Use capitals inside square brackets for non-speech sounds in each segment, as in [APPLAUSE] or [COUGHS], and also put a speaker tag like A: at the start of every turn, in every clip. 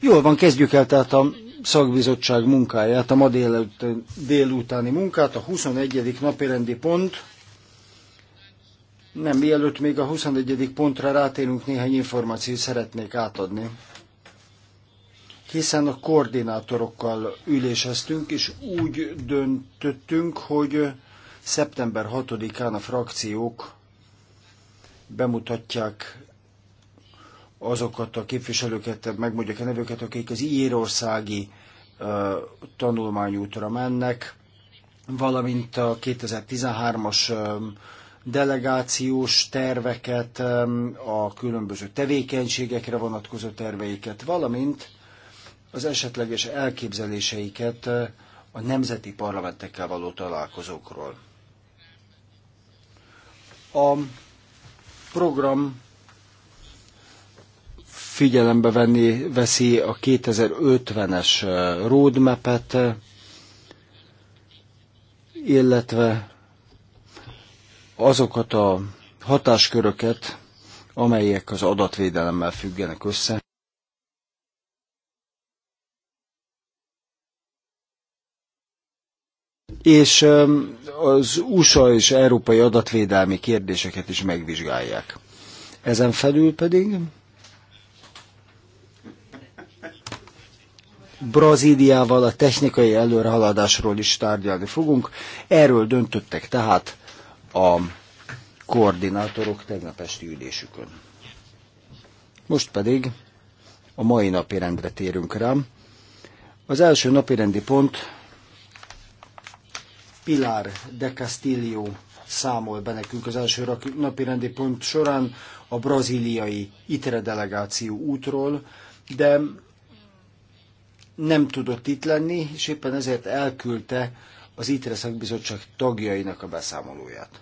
A: Jól van,
B: kezdjük el tehát a szakbizottság munkáját, a ma délután, délutáni munkát, a 21. napirendi pont. Nem, mielőtt még a 21. pontra rátérünk, néhány információt szeretnék átadni. Hiszen a koordinátorokkal üléseztünk, és úgy döntöttünk, hogy szeptember 6-án a frakciók bemutatják azokat a képviselőket, megmondjuk a nevőket, akik az írországi uh, tanulmányútra mennek, valamint a 2013-as um, delegációs terveket, um, a különböző tevékenységekre vonatkozó terveiket, valamint az esetleges elképzeléseiket uh, a nemzeti parlamentekkel való találkozókról. A program figyelembe venni, veszi a 2050-es eh, roadmap-et, illetve azokat a hatásköröket, amelyek az adatvédelemmel függenek össze. És az USA és európai adatvédelmi kérdéseket is megvizsgálják. Ezen felül pedig Brazíliával a technikai előrehaladásról is tárgyalni fogunk. Erről döntöttek tehát a koordinátorok tegnap esti ülésükön. Most pedig a mai napi rendre térünk rám. Az első napi rendi pont Pilar de Castillo számol be nekünk az első napi rendi pont során a braziliai ITRE delegáció útról, de nem tudott itt lenni, és éppen ezért elküldte az ITRE szakbizottság tagjainak a beszámolóját.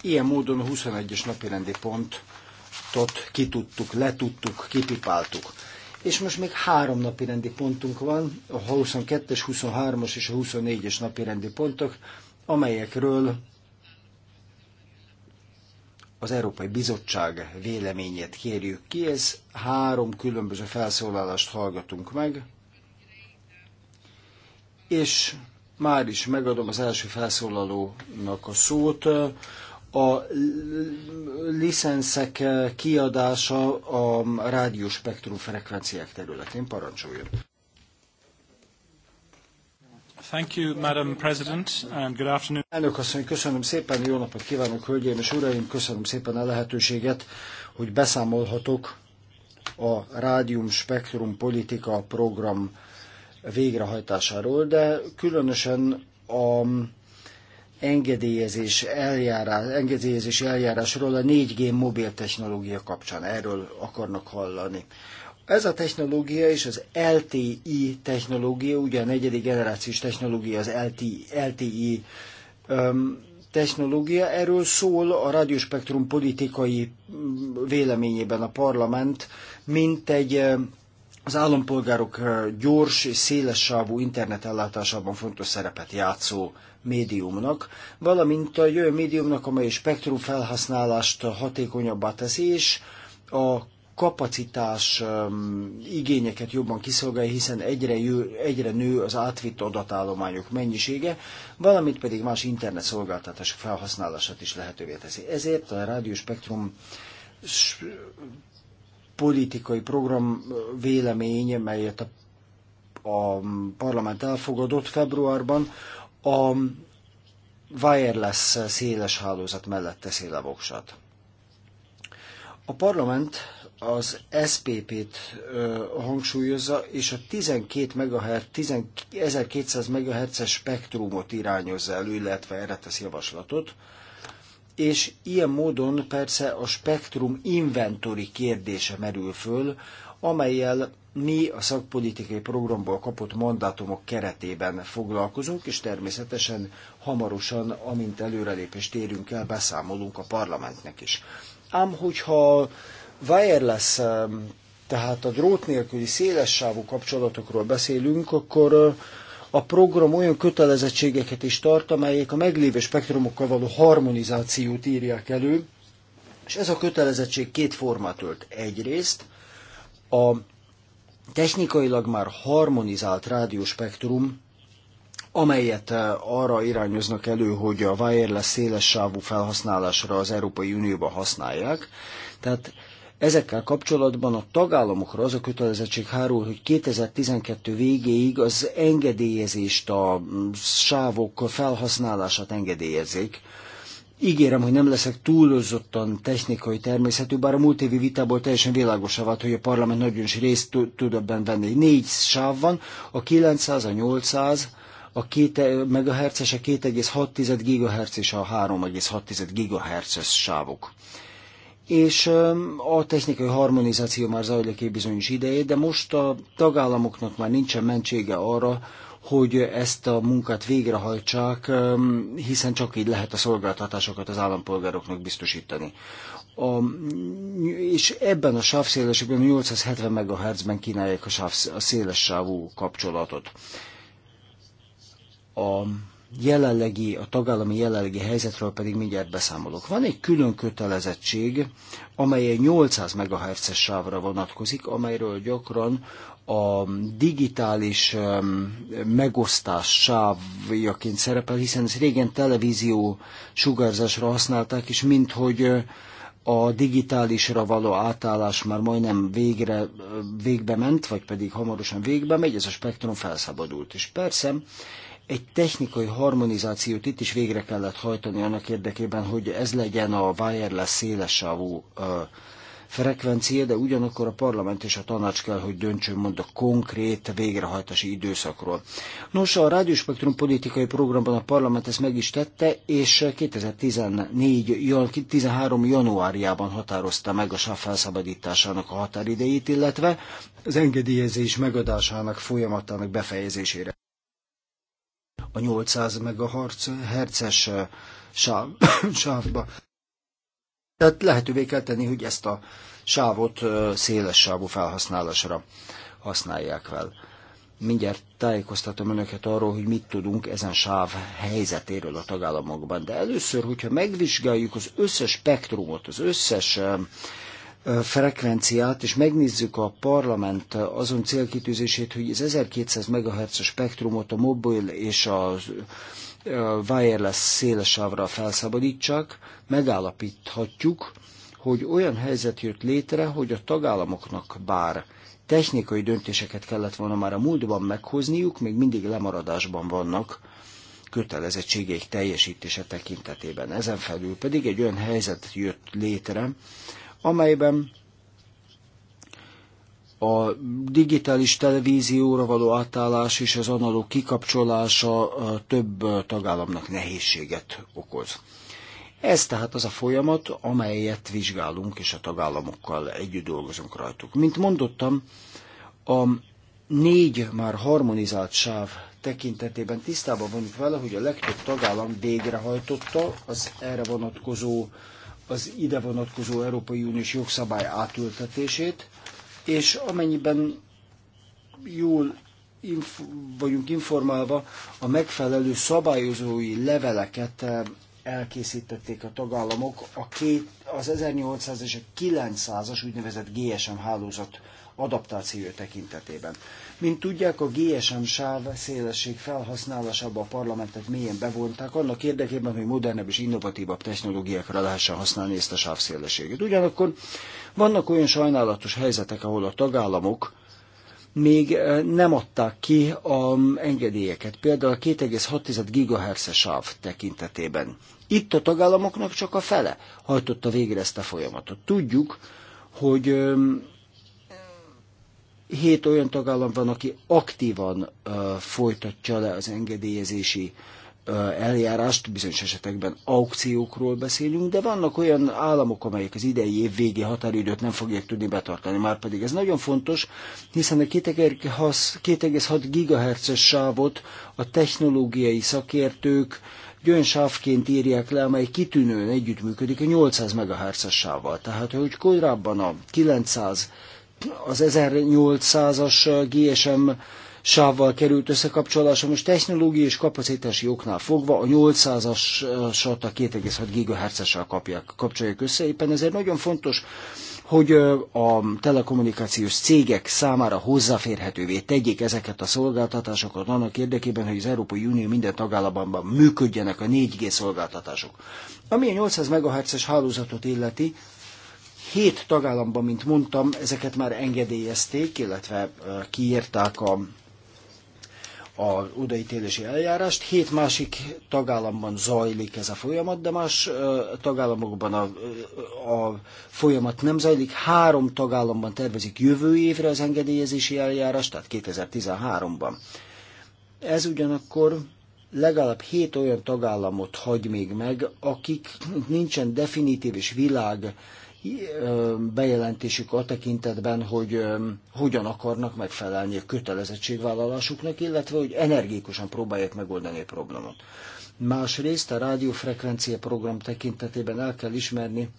B: Ilyen módon a 21-es rendi pontot kitudtuk, letudtuk, kipipáltuk. És most még három napi rendi pontunk van, a 22-es, 23-as és a 24-es napi rendi pontok, amelyekről az Európai Bizottság véleményét kérjük ki. Ez három különböző felszólalást hallgatunk meg, és már is megadom az első felszólalónak a szót. A licenszek kiadása a rádióspektrum frekvenciák területén parancsoljon. Thank you, Madam President, and good afternoon. Elnök asszony, köszönöm szépen, jó napot kívánok, hölgyeim és uraim, köszönöm szépen a lehetőséget, hogy beszámolhatok a Rádium Spektrum Politika program végrehajtásáról, de különösen a engedélyezés eljárás, engedélyezési eljárásról a 4G mobil technológia kapcsán. Erről akarnak hallani. Ez a technológia és az LTI technológia, ugye a negyedik generációs technológia az LTI, LTI um, technológia, erről szól a radiospektrum politikai mm, véleményében a parlament, mint egy az állampolgárok gyors és széles sávú internetellátásában fontos szerepet játszó médiumnak, valamint a jövő médiumnak, amely a spektrum felhasználást hatékonyabbá teszi, és a kapacitás igényeket jobban kiszolgálja, hiszen egyre, jö, egyre nő az átvitt adatállományok mennyisége, valamint pedig más internet szolgáltatások felhasználását is lehetővé teszi. Ezért a rádióspektrum politikai program vélemény, melyet a, a parlament elfogadott februárban, a wireless széles hálózat mellett teszi le voksat. A parlament az SPP-t hangsúlyozza, és a 12 MHz, 1200 MHz-es spektrumot irányozza elő, illetve erre tesz javaslatot. És ilyen módon persze a spektrum inventori kérdése merül föl, amelyel mi a szakpolitikai programból kapott mandátumok keretében foglalkozunk, és természetesen hamarosan, amint előrelépést érünk el, beszámolunk a parlamentnek is. Ám hogyha wireless, ehm, tehát a drót nélküli szélessávú kapcsolatokról beszélünk, akkor eh, a program olyan kötelezettségeket is tart, amelyek a meglévő spektrumokkal való harmonizációt írják elő, és ez a kötelezettség két formát ölt. Egyrészt a technikailag már harmonizált rádióspektrum, amelyet eh, arra irányoznak elő, hogy a wireless széles sávú felhasználásra az Európai Unióban használják. Tehát Ezekkel kapcsolatban a tagállamokra az a kötelezettség hárul, hogy 2012 végéig az engedélyezést, a sávok felhasználását engedélyezik. Ígérem, hogy nem leszek túlozottan technikai természetű, bár a múlt évi vitából teljesen világosá vált, hogy a parlament nagyon is részt tud ebben venni. Négy sáv van, a 900, a 800, a 2 MHz-es, a 2,6 GHz és a 3,6 GHz-es sávok és a technikai harmonizáció már zajlik egy bizonyos ideje, de most a tagállamoknak már nincsen mentsége arra, hogy ezt a munkát végrehajtsák, hiszen csak így lehet a szolgáltatásokat az állampolgároknak biztosítani. A, és ebben a sávszélességben 870 MHz-ben kínálják a, sáv, a széles sávú kapcsolatot. A jelenlegi, a tagállami jelenlegi helyzetről pedig mindjárt beszámolok. Van egy külön kötelezettség, amely egy 800 mhz sávra vonatkozik, amelyről gyakran a digitális megosztás sávjaként szerepel, hiszen ezt régen televízió sugárzásra használták, és minthogy a digitálisra való átállás már majdnem végre, végbe ment, vagy pedig hamarosan végbe megy, ez a spektrum felszabadult. És persze egy technikai harmonizációt itt is végre kellett hajtani annak érdekében, hogy ez legyen a wireless szélesávú frekvencia, de ugyanakkor a parlament és a tanács kell, hogy döntsön mond a konkrét végrehajtási időszakról. Nos, a rádióspektrum politikai programban a parlament ezt meg is tette, és 2014 13 januárjában határozta meg a sáv felszabadításának a határidejét, illetve az engedélyezés megadásának folyamatának befejezésére a 800 MHz-es eh, [COUGHS] sávba. Tehát lehetővé kell tenni, hogy ezt a sávot eh, széles sávú felhasználásra használják fel. Mindjárt tájékoztatom önöket arról, hogy mit tudunk ezen sáv helyzetéről a tagállamokban. De először, hogyha megvizsgáljuk az összes spektrumot, az összes eh, frekvenciát, és megnézzük a parlament azon célkitűzését, hogy az 1200 MHz spektrumot a mobil és a wireless szélesávra felszabadítsák, megállapíthatjuk, hogy olyan helyzet jött létre, hogy a tagállamoknak bár technikai döntéseket kellett volna már a múltban meghozniuk, még mindig lemaradásban vannak kötelezettségeik teljesítése tekintetében. Ezen felül pedig egy olyan helyzet jött létre, amelyben a digitális televízióra való átállás és az analóg kikapcsolása több tagállamnak nehézséget okoz. Ez tehát az a folyamat, amelyet vizsgálunk, és a tagállamokkal együtt dolgozunk rajtuk. Mint mondottam, a négy már harmonizált sáv tekintetében tisztában vagyunk vele, hogy a legtöbb tagállam végrehajtotta az erre vonatkozó az ide vonatkozó Európai Uniós jogszabály átültetését, és amennyiben jól inf- vagyunk informálva, a megfelelő szabályozói leveleket eh, elkészítették a tagállamok a két, az 1800 és a 900-as úgynevezett GSM hálózat adaptáció tekintetében. Mint tudják, a GSM sáv szélesség felhasználásába a parlamentet mélyen bevonták, annak érdekében, hogy modernebb és innovatívabb technológiákra lehessen használni ezt a szélességet. Ugyanakkor vannak olyan sajnálatos helyzetek, ahol a tagállamok még eh, nem adták ki a um, engedélyeket, például a 2,6 ghz sáv tekintetében. Itt a tagállamoknak csak a fele hajtotta végre ezt a folyamatot. Tudjuk, hogy um, Hét olyan tagállam van, aki aktívan uh, folytatja le az engedélyezési eljárást, bizonyos esetekben aukciókról beszélünk, de vannak olyan államok, amelyek az idei év végi határidőt nem fogják tudni betartani. Márpedig ez nagyon fontos, hiszen a 2,6 GHz-es sávot a technológiai szakértők olyan sávként írják le, amely kitűnően együttműködik a 800 MHz-es sávval. Tehát, hogy korábban a 900 az 1800-as GSM sávval került összekapcsolása. Most technológiai és kapacitási oknál fogva a 800-asat a 2,6 GHz-essel kapcsolják össze. Éppen ezért nagyon fontos, hogy a telekommunikációs cégek számára hozzáférhetővé tegyék ezeket a szolgáltatásokat annak érdekében, hogy az Európai Unió minden tagállamban működjenek a 4G szolgáltatások. Ami a 800 MHz-es hálózatot illeti, Hét tagállamban, mint mondtam, ezeket már engedélyezték, illetve kiírták a a odaítélési eljárást. Hét másik tagállamban zajlik ez a folyamat, de más tagállamokban a, a folyamat nem zajlik. Három tagállamban tervezik jövő évre az engedélyezési eljárást, tehát 2013-ban. Ez ugyanakkor legalább hét olyan tagállamot hagy még meg, akik nincsen definitív és világ bejelentésük a tekintetben, hogy hogyan akarnak megfelelni a kötelezettségvállalásuknak, illetve hogy energikusan próbálják megoldani a problémát. Másrészt a rádiófrekvencia program tekintetében el kell ismerni,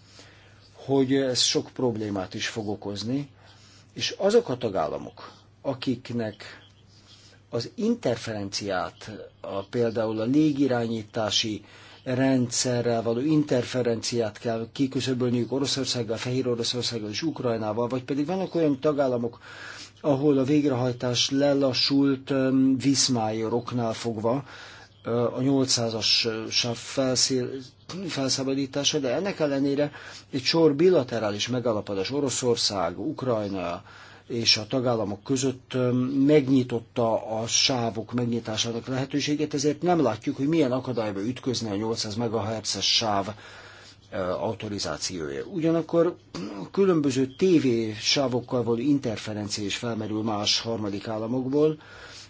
B: hogy ez sok problémát is fog okozni, és azok a tagállamok, akiknek az interferenciát, a, például a légirányítási rendszerrel való interferenciát kell kiküszöbölniük Oroszországgal, Fehér Oroszországgal és Ukrajnával, vagy pedig vannak olyan tagállamok, ahol a végrehajtás lelassult viszmájoroknál fogva, a 800-as sáv felszabadítása, de ennek ellenére egy sor bilaterális megállapodás Oroszország, Ukrajna, és a tagállamok között megnyitotta a sávok megnyitásának lehetőséget ezért nem látjuk, hogy milyen akadályba ütközne a 800 MHz-es sáv autorizációja. Ugyanakkor különböző TV sávokkal való interferencia is felmerül más harmadik államokból,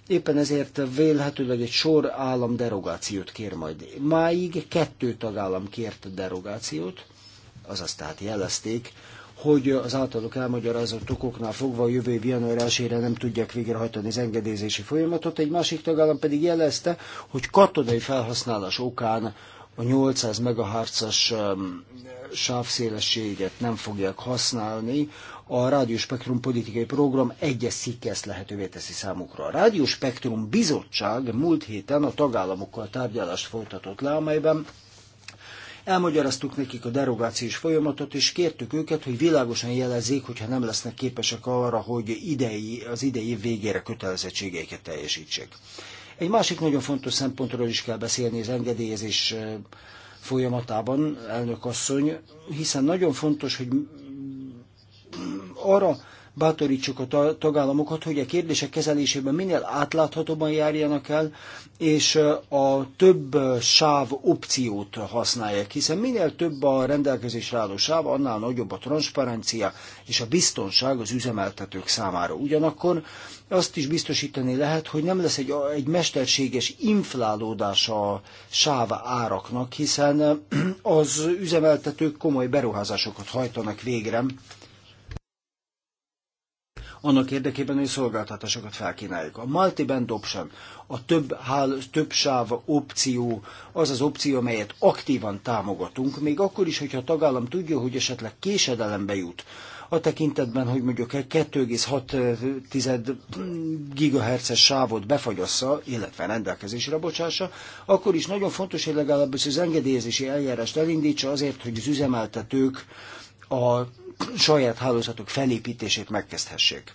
B: Éppen ezért vélhetőleg egy sor állam derogációt kér majd. Máig kettő tagállam kért derogációt, azaz tehát jelezték, hogy az általuk elmagyarázott okoknál fogva a jövő év január 1 nem tudják végrehajtani az engedélyezési folyamatot, egy másik tagállam pedig jelezte, hogy katonai felhasználás okán a 800 MHz-as sávszélességet nem fogják használni, a Rádióspektrum politikai program egyes szikke ezt lehetővé teszi számukra. A Rádióspektrum bizottság múlt héten a tagállamokkal tárgyalást folytatott le, amelyben Elmagyaráztuk nekik a derogációs folyamatot, és kértük őket, hogy világosan jelezzék, hogyha nem lesznek képesek arra, hogy idei, az idei végére kötelezettségeiket teljesítsék. Egy másik nagyon fontos szempontról is kell beszélni az engedélyezés folyamatában, elnök asszony, hiszen nagyon fontos, hogy arra bátorítsuk a tagállamokat, hogy a kérdések kezelésében minél átláthatóban járjanak el, és a több sáv opciót használják, hiszen minél több a rendelkezésre álló sáv, annál nagyobb a transzparencia és a biztonság az üzemeltetők számára. Ugyanakkor azt is biztosítani lehet, hogy nem lesz egy, egy mesterséges inflálódása a sáv áraknak, hiszen az üzemeltetők komoly beruházásokat hajtanak végre, annak érdekében, hogy szolgáltatásokat felkínáljuk. A multiband option, a több, hál, több sáv opció, az az opció, amelyet aktívan támogatunk, még akkor is, hogyha a tagállam tudja, hogy esetleg késedelembe jut, a tekintetben, hogy mondjuk egy 2,6 GHz-es sávot befagyassza, illetve rendelkezésre bocsássa, akkor is nagyon fontos, hogy legalábbis az engedélyezési eljárást elindítsa azért, hogy az üzemeltetők a saját hálózatok felépítését megkezdhessék.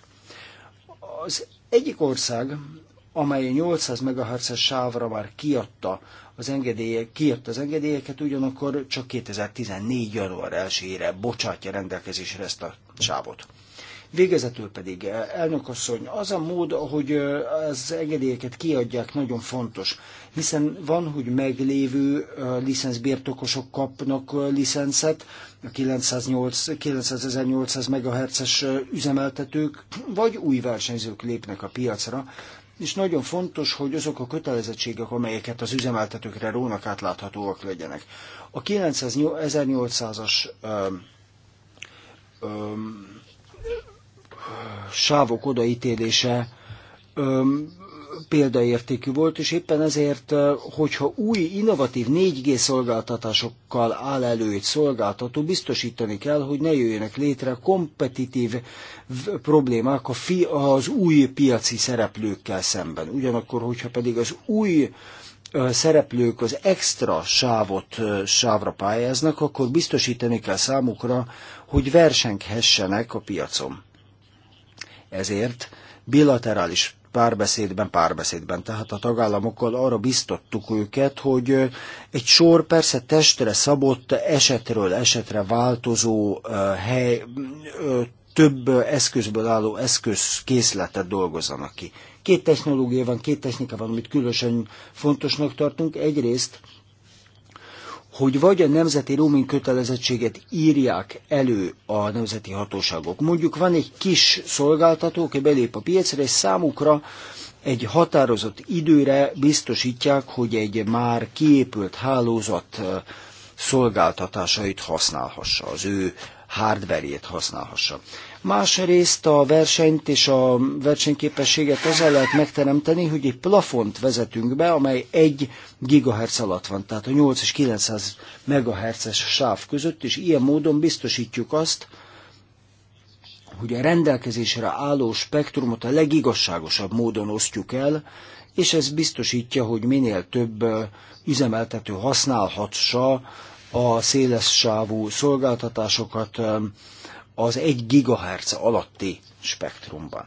B: Az egyik ország, amely 800 MHz-es sávra már kiadta az, engedélyek, kiadta az engedélyeket, ugyanakkor csak 2014. január 1-ére bocsátja rendelkezésre ezt a sávot. Végezetül pedig, e, asszony, az a mód, ahogy e, az engedélyeket kiadják, nagyon fontos, hiszen van, hogy meglévő e, licenszbirtokosok kapnak licenszet, a 900-1800 MHz-es üzemeltetők, vagy új versenyzők lépnek a piacra, és nagyon fontos, hogy azok a kötelezettségek, amelyeket az üzemeltetőkre rónak átláthatóak legyenek. A 9800-as sávok odaítélése példaértékű volt, és éppen ezért, hogyha új, innovatív 4G szolgáltatásokkal áll elő egy szolgáltató, biztosítani kell, hogy ne jöjjenek létre kompetitív problémák a fi, az új piaci szereplőkkel szemben. Ugyanakkor, hogyha pedig az új szereplők az extra sávot sávra pályáznak, akkor biztosítani kell számukra, hogy versenghessenek a piacon. Ezért bilaterális párbeszédben, párbeszédben, tehát a tagállamokkal arra biztattuk őket, hogy egy sor persze testre szabott, esetről esetre változó hely, több eszközből álló eszközkészletet dolgozzanak ki. Két technológia van, két technika van, amit különösen fontosnak tartunk. Egyrészt hogy vagy a nemzeti roaming kötelezettséget írják elő a nemzeti hatóságok. Mondjuk van egy kis szolgáltató, aki belép a piacra, és számukra egy határozott időre biztosítják, hogy egy már kiépült hálózat szolgáltatásait használhassa, az ő hardverjét használhassa. Másrészt a versenyt és a versenyképességet azzal lehet megteremteni, hogy egy plafont vezetünk be, amely 1 GHz alatt van, tehát a 8 és 900 MHz-es sáv között, és ilyen módon biztosítjuk azt, hogy a rendelkezésre álló spektrumot a legigazságosabb módon osztjuk el, és ez biztosítja, hogy minél több üzemeltető használhatsa a széles sávú szolgáltatásokat, az 1 GHz alatti spektrumban.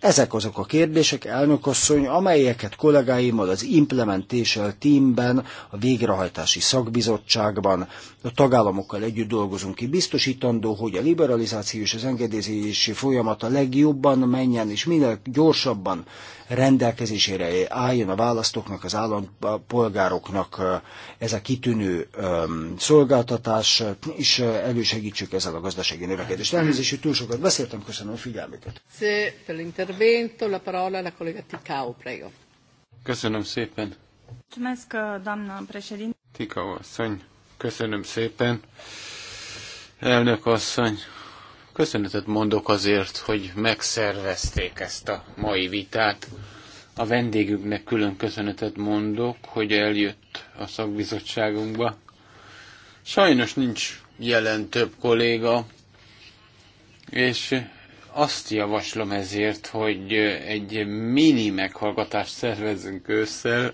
B: Ezek azok a kérdések, elnökasszony, amelyeket kollégáimmal az Implementation Teamben, a végrehajtási szakbizottságban, a tagállamokkal együtt dolgozunk ki, biztosítandó, hogy a liberalizáció és az engedélyezési folyamat a legjobban menjen, és minél gyorsabban rendelkezésére álljon a választóknak, az állampolgároknak ez a kitűnő szolgáltatás, és elősegítsük ezzel a gazdasági növekedést. Elnézést, hogy túl sokat beszéltem, köszönöm a figyelmüket.
C: Köszönöm szépen. Tika asszony, köszönöm szépen. Elnök asszony, Köszönetet mondok azért, hogy megszervezték ezt a mai vitát. A vendégünknek külön köszönetet mondok, hogy eljött a szakbizottságunkba. Sajnos nincs jelen több kolléga, és azt javaslom ezért, hogy egy mini meghallgatást szervezzünk össze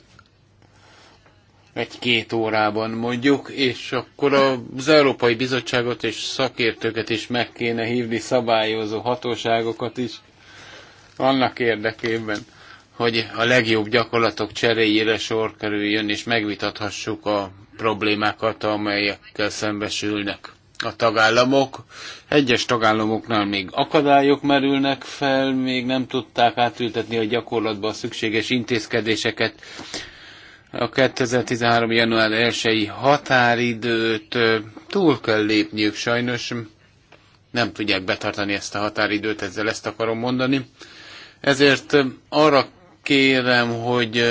C: egy-két órában mondjuk, és akkor az Európai Bizottságot és szakértőket is meg kéne hívni, szabályozó hatóságokat is, annak érdekében, hogy a legjobb gyakorlatok cseréjére sor kerüljön, és megvitathassuk a problémákat, amelyekkel szembesülnek a tagállamok. Egyes tagállamoknál még akadályok merülnek fel, még nem tudták átültetni a gyakorlatba a szükséges intézkedéseket a 2013. január 1-i határidőt túl kell lépniük sajnos. Nem tudják betartani ezt a határidőt, ezzel ezt akarom mondani. Ezért arra kérem, hogy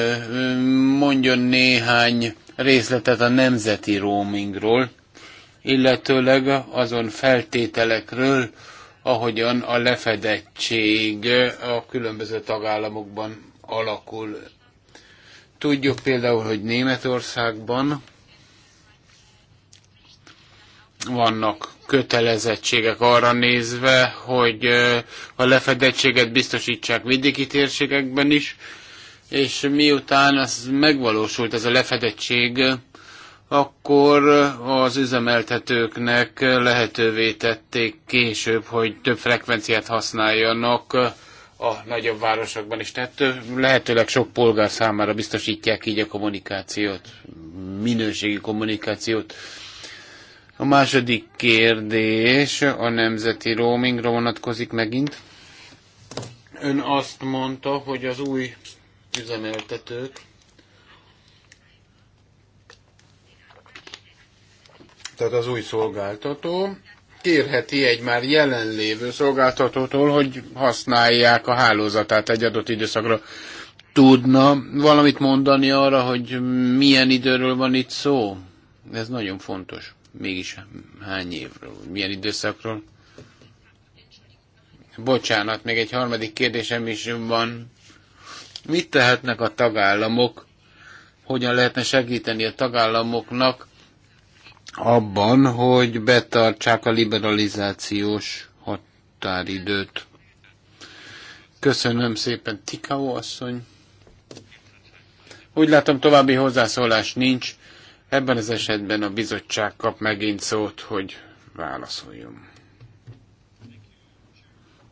C: mondjon néhány részletet a nemzeti roamingról, illetőleg azon feltételekről, ahogyan a lefedettség a különböző tagállamokban alakul Tudjuk például, hogy Németországban vannak kötelezettségek arra nézve, hogy a lefedettséget biztosítsák vidéki térségekben is, és miután az megvalósult ez a lefedettség, akkor az üzemeltetőknek lehetővé tették később, hogy több frekvenciát használjanak a nagyobb városokban is. Tehát lehetőleg sok polgár számára biztosítják így a kommunikációt, minőségi kommunikációt. A második kérdés a nemzeti roamingra vonatkozik megint. Ön azt mondta, hogy az új üzemeltetők tehát az új szolgáltató kérheti egy már jelenlévő szolgáltatótól, hogy használják a hálózatát egy adott időszakra. Tudna valamit mondani arra, hogy milyen időről van itt szó? Ez nagyon fontos. Mégis hány évről, milyen időszakról? Bocsánat, még egy harmadik kérdésem is van. Mit tehetnek a tagállamok? Hogyan lehetne segíteni a tagállamoknak, abban, hogy betartsák a liberalizációs határidőt. Köszönöm szépen, Tikao asszony. Úgy látom, további hozzászólás nincs. Ebben az esetben a bizottság kap megint szót, hogy válaszoljon.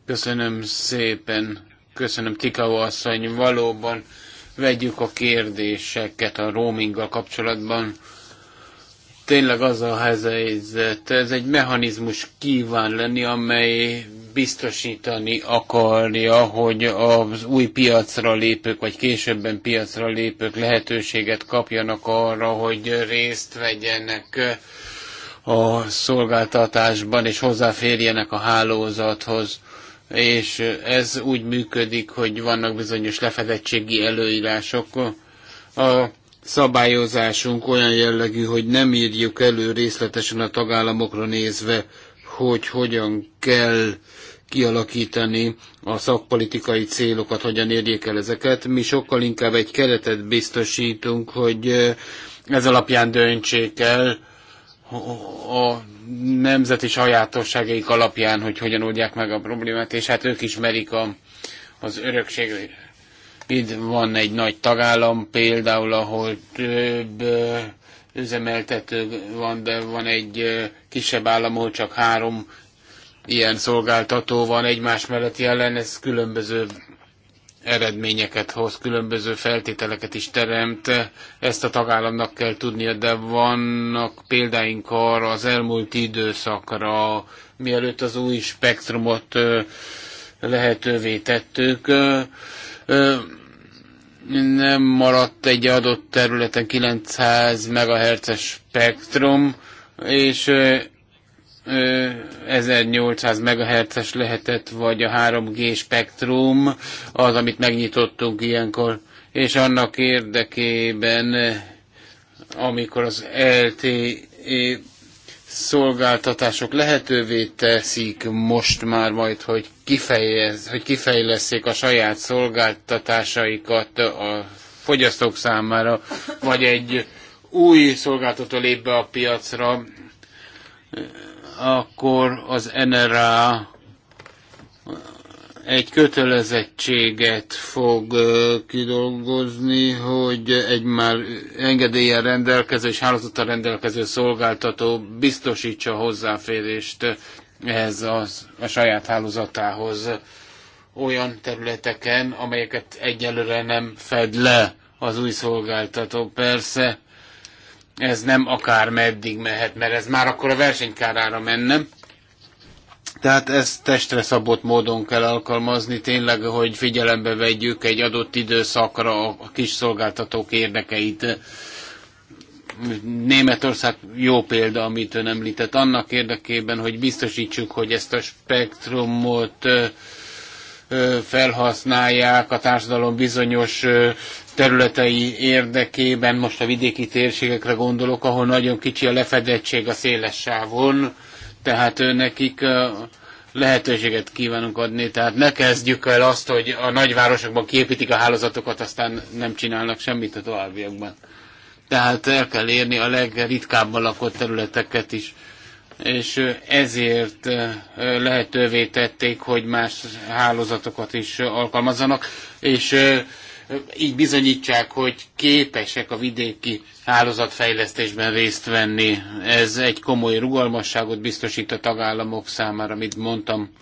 C: Köszönöm szépen, köszönöm Tikao asszony, valóban vegyük a kérdéseket a roaminggal kapcsolatban tényleg az a helyzet, ez egy mechanizmus kíván lenni, amely biztosítani akarja, hogy az új piacra lépők, vagy későbben piacra lépők lehetőséget kapjanak arra, hogy részt vegyenek a szolgáltatásban, és hozzáférjenek a hálózathoz. És ez úgy működik, hogy vannak bizonyos lefedettségi előírások. A szabályozásunk olyan jellegű, hogy nem írjuk elő részletesen a tagállamokra nézve, hogy hogyan kell kialakítani a szakpolitikai célokat, hogyan érjék el ezeket. Mi sokkal inkább egy keretet biztosítunk, hogy ez alapján döntsék el a nemzeti sajátosságaik alapján, hogy hogyan oldják meg a problémát, és hát ők ismerik a, az örökségre. Itt van egy nagy tagállam például, ahol több üzemeltető van, de van egy kisebb állam, ahol csak három ilyen szolgáltató van egymás mellett jelen, ez különböző eredményeket hoz, különböző feltételeket is teremt. Ezt a tagállamnak kell tudnia, de vannak példáink arra az elmúlt időszakra, mielőtt az új spektrumot lehetővé tettük nem maradt egy adott területen 900 MHz spektrum, és 1800 MHz lehetett, vagy a 3G spektrum, az, amit megnyitottunk ilyenkor, és annak érdekében, amikor az LTE szolgáltatások lehetővé teszik most már majd, hogy, kifejez, hogy kifejleszék a saját szolgáltatásaikat a fogyasztók számára, vagy egy új szolgáltató lép be a piacra, akkor az NRA egy kötelezettséget fog kidolgozni, hogy egy már engedélyen rendelkező és hálózattal rendelkező szolgáltató biztosítsa hozzáférést ehhez az, a saját hálózatához olyan területeken, amelyeket egyelőre nem fed le az új szolgáltató. Persze ez nem akár meddig mehet, mert ez már akkor a versenykárára menne tehát ezt testre szabott módon kell alkalmazni, tényleg, hogy figyelembe vegyük egy adott időszakra a kis szolgáltatók érdekeit. Németország jó példa, amit ön említett, annak érdekében, hogy biztosítsuk, hogy ezt a spektrumot felhasználják a társadalom bizonyos területei érdekében, most a vidéki térségekre gondolok, ahol nagyon kicsi a lefedettség a széles sávon, tehát nekik lehetőséget kívánunk adni, tehát ne kezdjük el azt, hogy a nagyvárosokban kiépítik a hálózatokat, aztán nem csinálnak semmit a továbbiakban. Tehát el kell érni a legritkábban lakott területeket is és ezért lehetővé tették, hogy más hálózatokat is alkalmazzanak, és így bizonyítsák, hogy képesek a vidéki hálózatfejlesztésben részt venni. Ez egy komoly rugalmasságot biztosít a tagállamok számára, amit mondtam,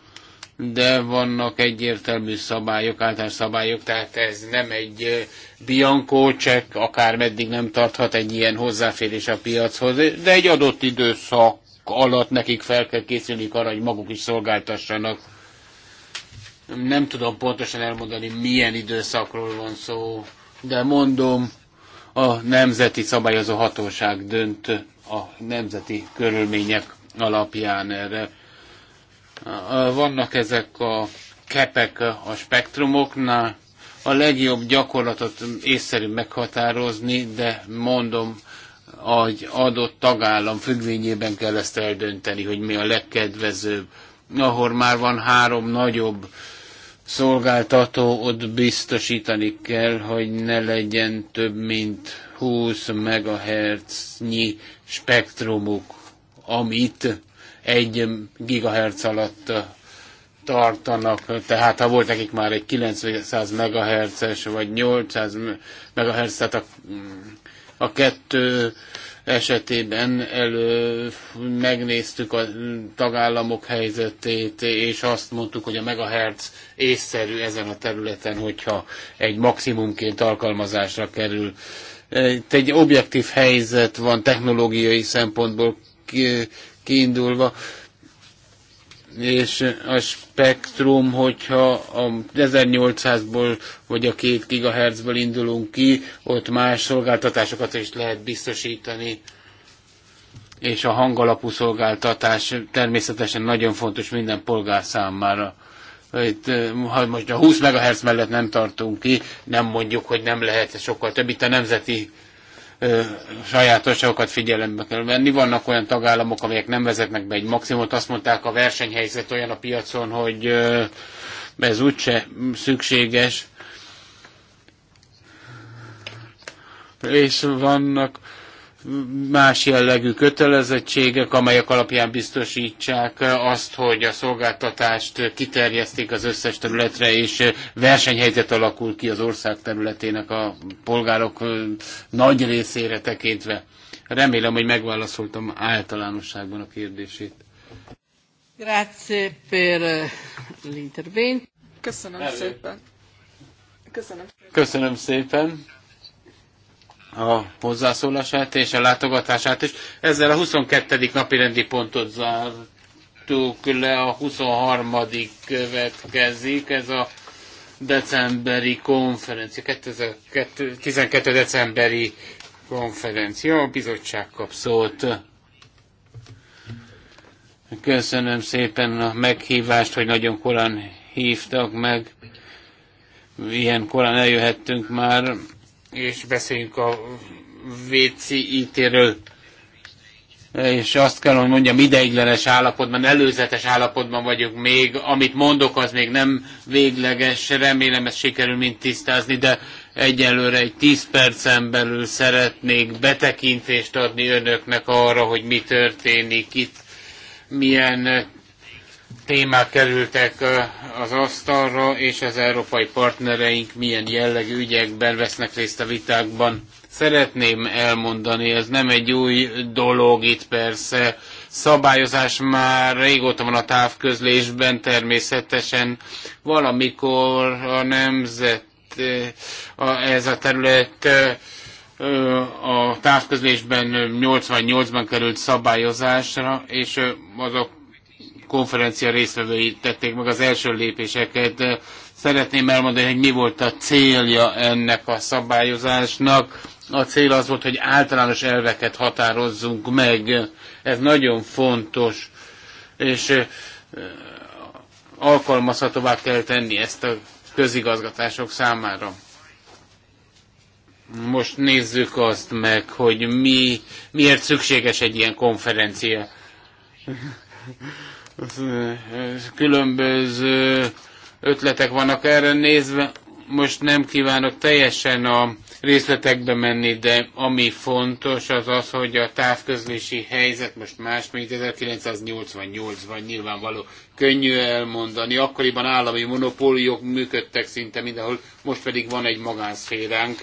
C: de vannak egyértelmű szabályok, általános szabályok, tehát ez nem egy bianco csekk, akár meddig nem tarthat egy ilyen hozzáférés a piachoz, de egy adott időszak alatt nekik fel kell készülni arra, hogy maguk is szolgáltassanak nem tudom pontosan elmondani, milyen időszakról van szó, de mondom, a nemzeti szabályozó hatóság dönt a nemzeti körülmények alapján erre. Vannak ezek a kepek a spektrumoknál, a legjobb gyakorlatot észszerű meghatározni, de mondom, hogy adott tagállam függvényében kell ezt eldönteni, hogy mi a legkedvezőbb. Ahol már van három nagyobb szolgáltató biztosítani kell, hogy ne legyen több mint 20 MHz-nyi spektrumuk, amit egy gigahertz alatt tartanak, tehát ha volt nekik már egy 900 MHz-es vagy 800 MHz, tehát a, a kettő esetében elő megnéztük a tagállamok helyzetét, és azt mondtuk, hogy a megahertz észszerű ezen a területen, hogyha egy maximumként alkalmazásra kerül. Itt egy objektív helyzet van technológiai szempontból kiindulva, és a spektrum, hogyha a 1800-ból vagy a 2 GHz-ből indulunk ki, ott más szolgáltatásokat is lehet biztosítani. És a hangalapú szolgáltatás természetesen nagyon fontos minden polgár számára. Itt, ha most a 20 MHz mellett nem tartunk ki, nem mondjuk, hogy nem lehet sokkal több. Itt a nemzeti sajátosságokat figyelembe kell venni. Vannak olyan tagállamok, amelyek nem vezetnek be egy maximumot. Azt mondták, a versenyhelyzet olyan a piacon, hogy ez úgyse szükséges. És vannak más jellegű kötelezettségek, amelyek alapján biztosítsák azt, hogy a szolgáltatást kiterjesztik az összes területre, és versenyhelyzet alakul ki az ország területének a polgárok nagy részére tekintve. Remélem, hogy megválaszoltam általánosságban a kérdését.
A: Grazie per eh, l'intervento. Köszönöm Elő. szépen. Köszönöm
C: szépen. Köszönöm szépen a hozzászólását és a látogatását is. Ezzel a 22. napi rendi pontot zártuk le, a 23. következik, ez a decemberi konferencia, 12. decemberi konferencia, a bizottság kap szót. Köszönöm szépen a meghívást, hogy nagyon korán hívtak meg. Ilyen korán eljöhettünk már és beszéljünk a VCIT-ről, és azt kell, hogy mondjam, ideiglenes állapotban, előzetes állapotban vagyok még. Amit mondok, az még nem végleges, remélem ez sikerül mind tisztázni, de egyelőre egy 10 percen belül szeretnék betekintést adni önöknek arra, hogy mi történik itt, milyen témák kerültek az asztalra, és az európai partnereink milyen jellegű ügyekben vesznek részt a vitákban. Szeretném elmondani, ez nem egy új dolog itt persze, szabályozás már régóta van a távközlésben természetesen, valamikor a nemzet, ez a terület a távközlésben 88-ban került szabályozásra, és azok konferencia résztvevői tették meg az első lépéseket. Szeretném elmondani, hogy mi volt a célja ennek a szabályozásnak. A cél az volt, hogy általános elveket határozzunk meg. Ez nagyon fontos, és alkalmazhatóvá kell tenni ezt a közigazgatások számára. Most nézzük azt meg, hogy mi, miért szükséges egy ilyen konferencia különböző ötletek vannak erre nézve. Most nem kívánok teljesen a részletekbe menni, de ami fontos az az, hogy a távközlési helyzet most más, mint 1988-ban nyilvánvaló. Könnyű elmondani. Akkoriban állami monopóliók működtek szinte mindenhol, most pedig van egy magánszféránk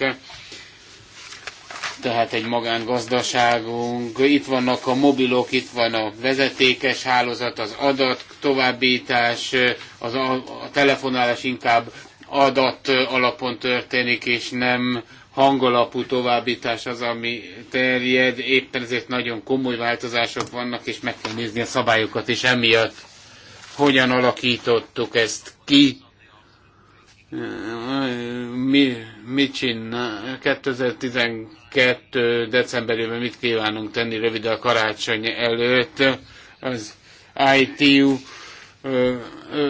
C: tehát egy magángazdaságunk, itt vannak a mobilok, itt van a vezetékes hálózat, az adat továbbítás, az a, a telefonálás inkább adat alapon történik, és nem hangalapú továbbítás az, ami terjed. Éppen ezért nagyon komoly változások vannak, és meg kell nézni a szabályokat, és emiatt hogyan alakítottuk ezt ki, mi, mit csinál 2010 2012. decemberében mit kívánunk tenni rövid a karácsony előtt. Az ITU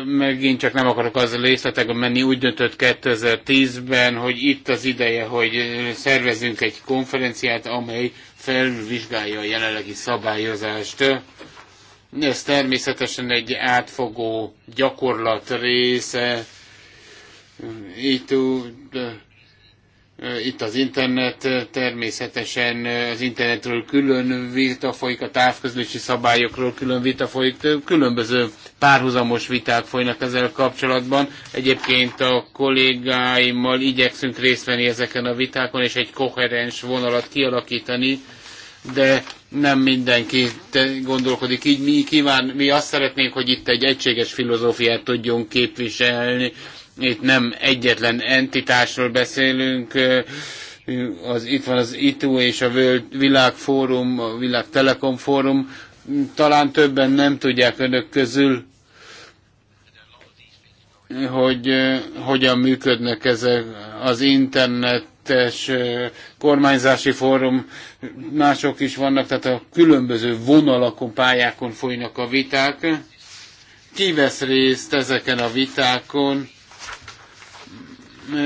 C: megint csak nem akarok az részletekbe menni, úgy döntött 2010-ben, hogy itt az ideje, hogy szervezünk egy konferenciát, amely felvizsgálja a jelenlegi szabályozást. Ez természetesen egy átfogó gyakorlat része. Itt itt az internet természetesen az internetről külön vita folyik, a távközlési szabályokról külön vita folyik, különböző párhuzamos viták folynak ezzel kapcsolatban. Egyébként a kollégáimmal igyekszünk részt venni ezeken a vitákon, és egy koherens vonalat kialakítani, de nem mindenki gondolkodik így. Mi, kíván, mi azt szeretnénk, hogy itt egy egységes filozófiát tudjunk képviselni, itt nem egyetlen entitásról beszélünk, az, itt van az ITU és a Világfórum, a Világ Telekom Fórum, talán többen nem tudják önök közül, hogy hogyan működnek ezek az internetes kormányzási fórum, mások is vannak, tehát a különböző vonalakon, pályákon folynak a viták. Ki vesz részt ezeken a vitákon?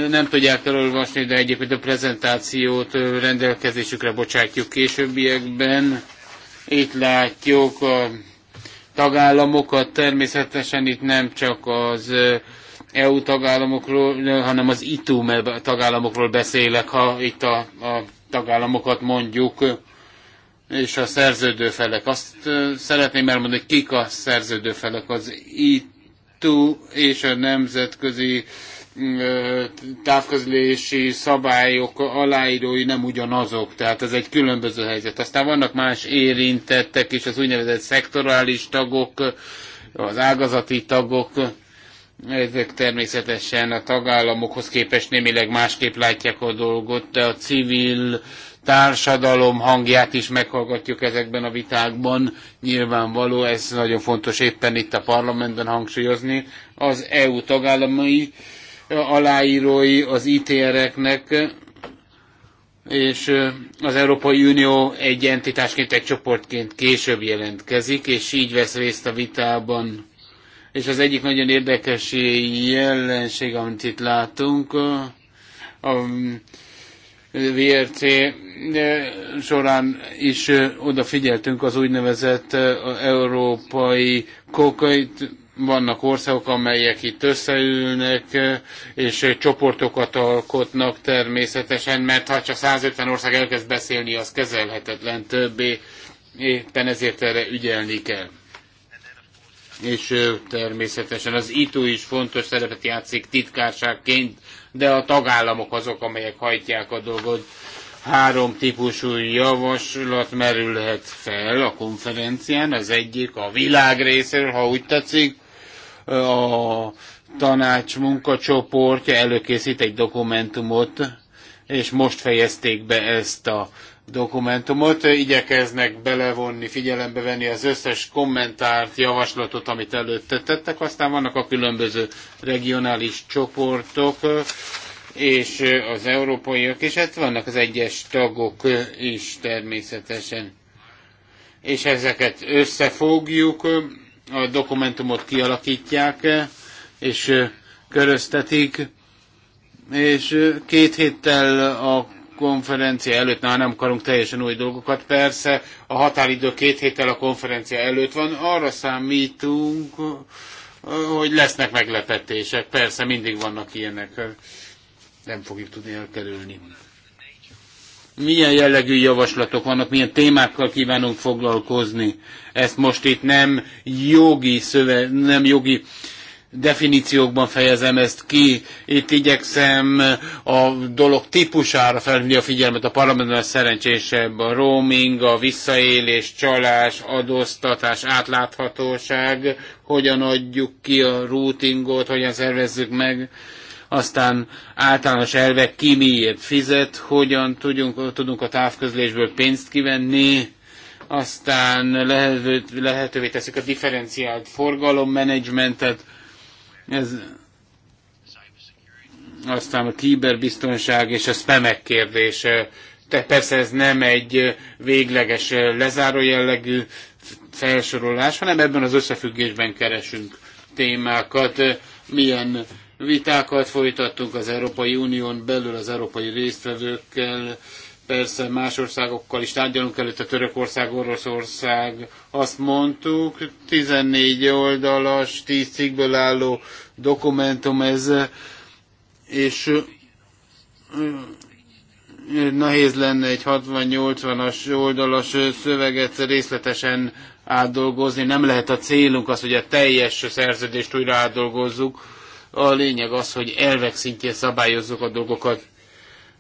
C: nem tudják elolvasni, de egyébként a prezentációt rendelkezésükre bocsátjuk későbbiekben. Itt látjuk a tagállamokat, természetesen itt nem csak az EU tagállamokról, hanem az ITU tagállamokról beszélek, ha itt a, a tagállamokat mondjuk, és a szerződő felek. Azt szeretném elmondani, kik a szerződő felek, az ITU és a nemzetközi távközlési szabályok aláírói nem ugyanazok, tehát ez egy különböző helyzet. Aztán vannak más érintettek is, az úgynevezett szektorális tagok, az ágazati tagok, ezek természetesen a tagállamokhoz képest némileg másképp látják a dolgot, de a civil társadalom hangját is meghallgatjuk ezekben a vitákban. Nyilvánvaló, ez nagyon fontos éppen itt a parlamentben hangsúlyozni. Az EU tagállamai aláírói az ITR-eknek, és az Európai Unió egy entitásként, egy csoportként később jelentkezik, és így vesz részt a vitában. És az egyik nagyon érdekes jelenség, amit itt látunk, a VRC során is odafigyeltünk az úgynevezett európai kokait vannak országok, amelyek itt összeülnek, és csoportokat alkotnak természetesen, mert ha csak 150 ország elkezd beszélni, az kezelhetetlen többé. Éppen ezért erre ügyelni kell és természetesen az ITU is fontos szerepet játszik titkárságként, de a tagállamok azok, amelyek hajtják a dolgot. Három típusú javaslat merülhet fel a konferencián, az egyik a világ részéről, ha úgy tetszik, a tanács munkacsoportja előkészít egy dokumentumot, és most fejezték be ezt a dokumentumot. Igyekeznek belevonni, figyelembe venni az összes kommentárt, javaslatot, amit előtte tettek. Aztán vannak a különböző regionális csoportok, és az európaiak, és hát vannak az egyes tagok is természetesen. És ezeket összefogjuk, a dokumentumot kialakítják, és köröztetik, és két héttel a konferencia előtt, na nem akarunk teljesen új dolgokat, persze, a határidő két héttel a konferencia előtt van, arra számítunk, hogy lesznek meglepetések, persze mindig vannak ilyenek, nem fogjuk tudni elkerülni milyen jellegű javaslatok vannak, milyen témákkal kívánunk foglalkozni. Ezt most itt nem jogi szöveg, nem jogi definíciókban fejezem ezt ki. Itt igyekszem a dolog típusára felhívni a figyelmet. A parlamentben szerencsésebb a roaming, a visszaélés, csalás, adóztatás, átláthatóság, hogyan adjuk ki a routingot, hogyan szervezzük meg aztán általános elvek ki miért fizet, hogyan tudjunk, tudunk a távközlésből pénzt kivenni, aztán lehető, lehetővé teszik a differenciált forgalommenedzsmentet, ez, aztán a kiberbiztonság és a spamek kérdése. Te persze ez nem egy végleges lezáró jellegű felsorolás, hanem ebben az összefüggésben keresünk témákat, milyen vitákat folytattunk az Európai Unión belül az európai résztvevőkkel, persze más országokkal is tárgyalunk előtt, a Törökország, Oroszország, azt mondtuk, 14 oldalas, 10 cikkből álló dokumentum ez, és nehéz lenne egy 60-80-as oldalas szöveget részletesen átdolgozni. Nem lehet a célunk az, hogy a teljes szerződést újra átdolgozzuk, a lényeg az, hogy elvek szintjén szabályozzuk a dolgokat.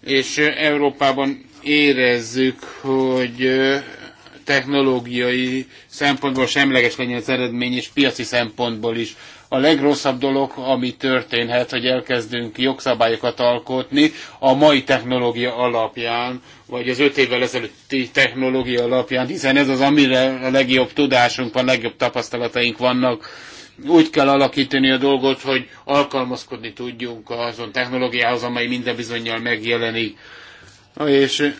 C: És Európában érezzük, hogy technológiai szempontból semleges legyen az eredmény, és piaci szempontból is. A legrosszabb dolog, ami történhet, hogy elkezdünk jogszabályokat alkotni a mai technológia alapján, vagy az öt évvel ezelőtti technológia alapján, hiszen ez az, amire a legjobb tudásunk van, legjobb tapasztalataink vannak úgy kell alakítani a dolgot, hogy alkalmazkodni tudjunk azon technológiához, amely minden bizonyal megjelenik. És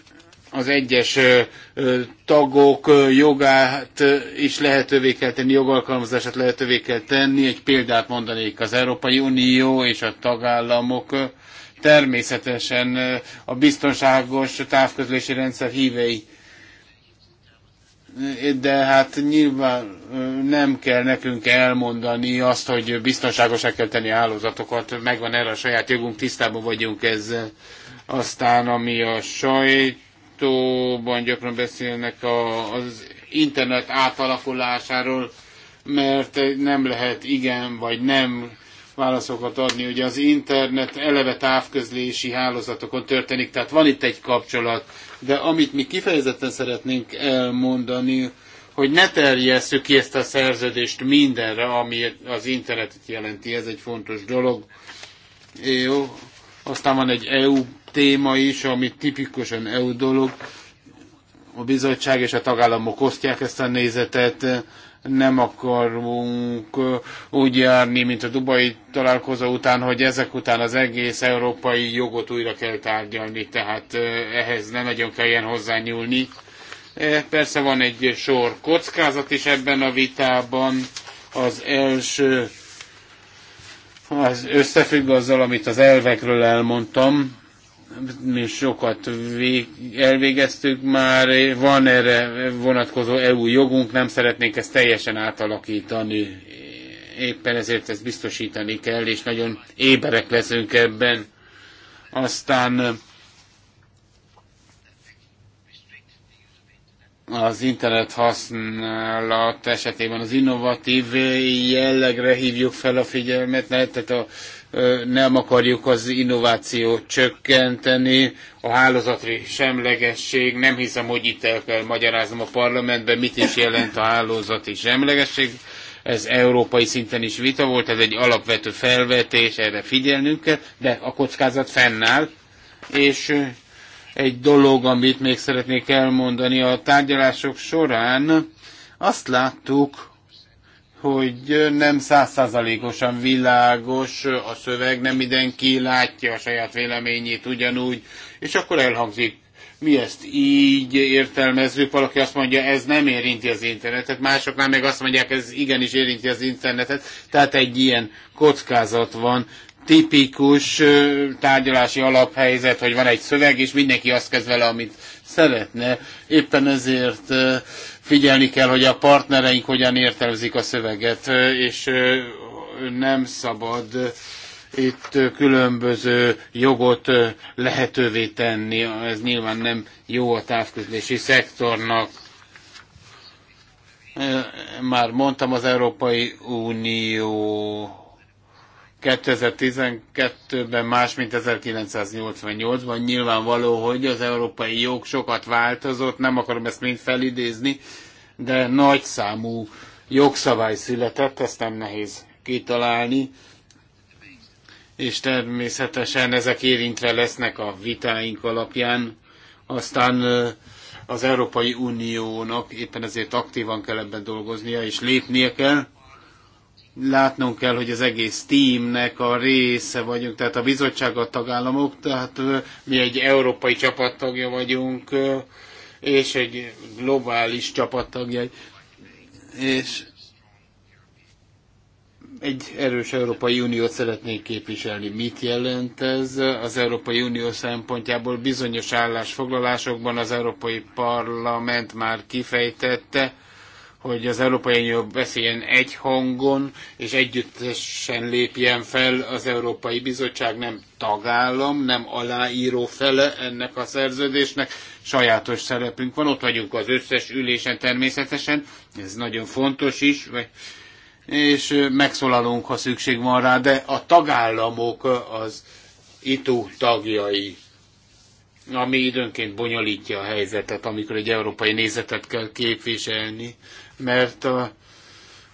C: az egyes tagok jogát is lehetővé kell tenni, jogalkalmazását lehetővé kell tenni. Egy példát mondanék az Európai Unió és a tagállamok természetesen a biztonságos távközlési rendszer hívei de hát nyilván nem kell nekünk elmondani azt, hogy biztonságosak kell tenni a hálózatokat, megvan erre a saját jogunk, tisztában vagyunk ezzel. Aztán, ami a sajtóban gyakran beszélnek a, az internet átalakulásáról, mert nem lehet igen vagy nem válaszokat adni. Ugye az internet eleve távközlési hálózatokon történik, tehát van itt egy kapcsolat. De amit mi kifejezetten szeretnénk elmondani, hogy ne terjesszük ki ezt a szerződést mindenre, ami az internetet jelenti, ez egy fontos dolog. Jó. Aztán van egy EU téma is, ami tipikusan EU dolog. A bizottság és a tagállamok osztják ezt a nézetet nem akarunk úgy járni, mint a dubai találkozó után, hogy ezek után az egész európai jogot újra kell tárgyalni, tehát ehhez nem nagyon kelljen hozzányúlni. E, persze van egy sor kockázat is ebben a vitában. Az első az összefügg azzal, amit az elvekről elmondtam, mi sokat vég, elvégeztük már, van erre vonatkozó EU jogunk, nem szeretnénk ezt teljesen átalakítani. Éppen ezért ezt biztosítani kell, és nagyon éberek leszünk ebben. Aztán az internet használat esetében az innovatív jellegre hívjuk fel a figyelmet, lehet, tehát a nem akarjuk az innovációt csökkenteni, a hálózati semlegesség, nem hiszem, hogy itt el kell magyaráznom a parlamentben, mit is jelent a hálózati semlegesség. Ez európai szinten is vita volt, ez egy alapvető felvetés, erre figyelnünk kell, de a kockázat fennáll, és egy dolog, amit még szeretnék elmondani a tárgyalások során, azt láttuk, hogy nem százszázalékosan világos a szöveg, nem mindenki látja a saját véleményét ugyanúgy, és akkor elhangzik, mi ezt így értelmezzük, valaki azt mondja, ez nem érinti az internetet, másoknál meg azt mondják, ez igenis érinti az internetet, tehát egy ilyen kockázat van, tipikus tárgyalási alaphelyzet, hogy van egy szöveg, és mindenki azt kezd vele, amit szeretne. Éppen ezért figyelni kell, hogy a partnereink hogyan értelmezik a szöveget, és nem szabad itt különböző jogot lehetővé tenni. Ez nyilván nem jó a távközlési szektornak. Már mondtam, az Európai Unió 2012-ben más, mint 1988-ban. Nyilvánvaló, hogy az európai jog sokat változott, nem akarom ezt mind felidézni, de nagy számú jogszabály született, ezt nem nehéz kitalálni, és természetesen ezek érintve lesznek a vitáink alapján. Aztán az Európai Uniónak éppen ezért aktívan kell ebben dolgoznia, és lépnie kell látnunk kell, hogy az egész teamnek a része vagyunk, tehát a bizottság, a tagállamok, tehát mi egy európai csapattagja vagyunk, és egy globális csapattagja, és egy erős Európai Uniót szeretnék képviselni. Mit jelent ez az Európai Unió szempontjából? Bizonyos állásfoglalásokban az Európai Parlament már kifejtette, hogy az Európai Unió beszéljen egy hangon, és együttesen lépjen fel az Európai Bizottság, nem tagállam, nem aláíró fele ennek a szerződésnek. Sajátos szerepünk van, ott vagyunk az összes ülésen természetesen, ez nagyon fontos is, vagy és megszólalunk, ha szükség van rá, de a tagállamok az ITU tagjai, ami időnként bonyolítja a helyzetet, amikor egy európai nézetet kell képviselni mert a,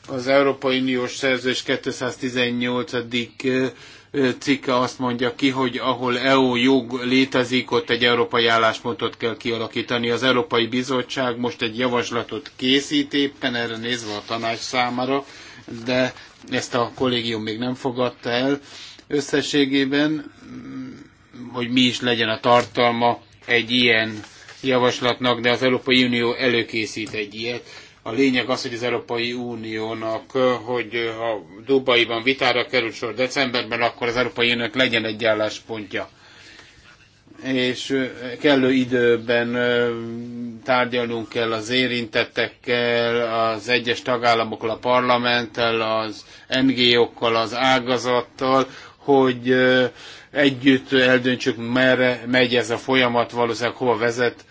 C: az Európai Uniós Szerződés 218. cikke azt mondja ki, hogy ahol EU jog létezik, ott egy európai álláspontot kell kialakítani. Az Európai Bizottság most egy javaslatot készít éppen erre nézve a tanács számára, de ezt a kollégium még nem fogadta el. Összességében, mm, hogy mi is legyen a tartalma egy ilyen javaslatnak, de az Európai Unió előkészít egy ilyet a lényeg az, hogy az Európai Uniónak, hogy ha Dubaiban vitára kerül sor decemberben, akkor az Európai Uniónak legyen egy álláspontja és kellő időben tárgyalnunk kell az érintettekkel, az egyes tagállamokkal, a parlamenttel, az NGO-kkal, az ágazattal, hogy együtt eldöntsük, merre megy ez a folyamat, valószínűleg hova vezet,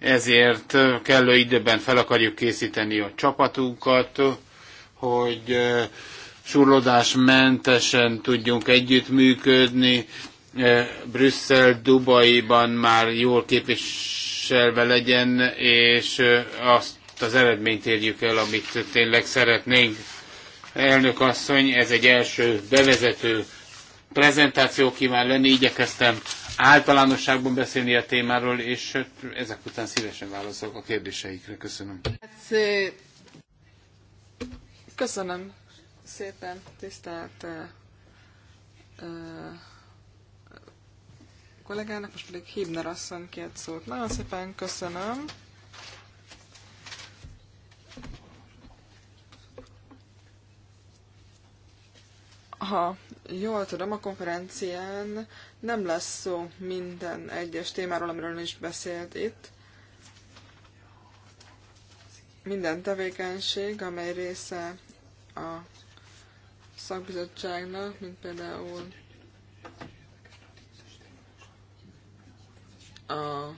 C: ezért kellő időben fel akarjuk készíteni a csapatunkat, hogy surlódásmentesen tudjunk együttműködni. Brüsszel, Dubaiban már jól képviselve legyen, és azt az eredményt érjük el, amit tényleg szeretnénk. Elnök asszony, ez egy első bevezető prezentáció kíván lenni, igyekeztem általánosságban beszélni a témáról, és ezek után szívesen válaszolok a kérdéseikre. Köszönöm.
A: Köszönöm szépen, tisztelt kollégának, most pedig Hibner asszony két szót. Nagyon szépen köszönöm. Ha jól tudom, a konferencián nem lesz szó minden egyes témáról, amiről is beszélt itt. Minden tevékenység, amely része a szakbizottságnak, mint például a,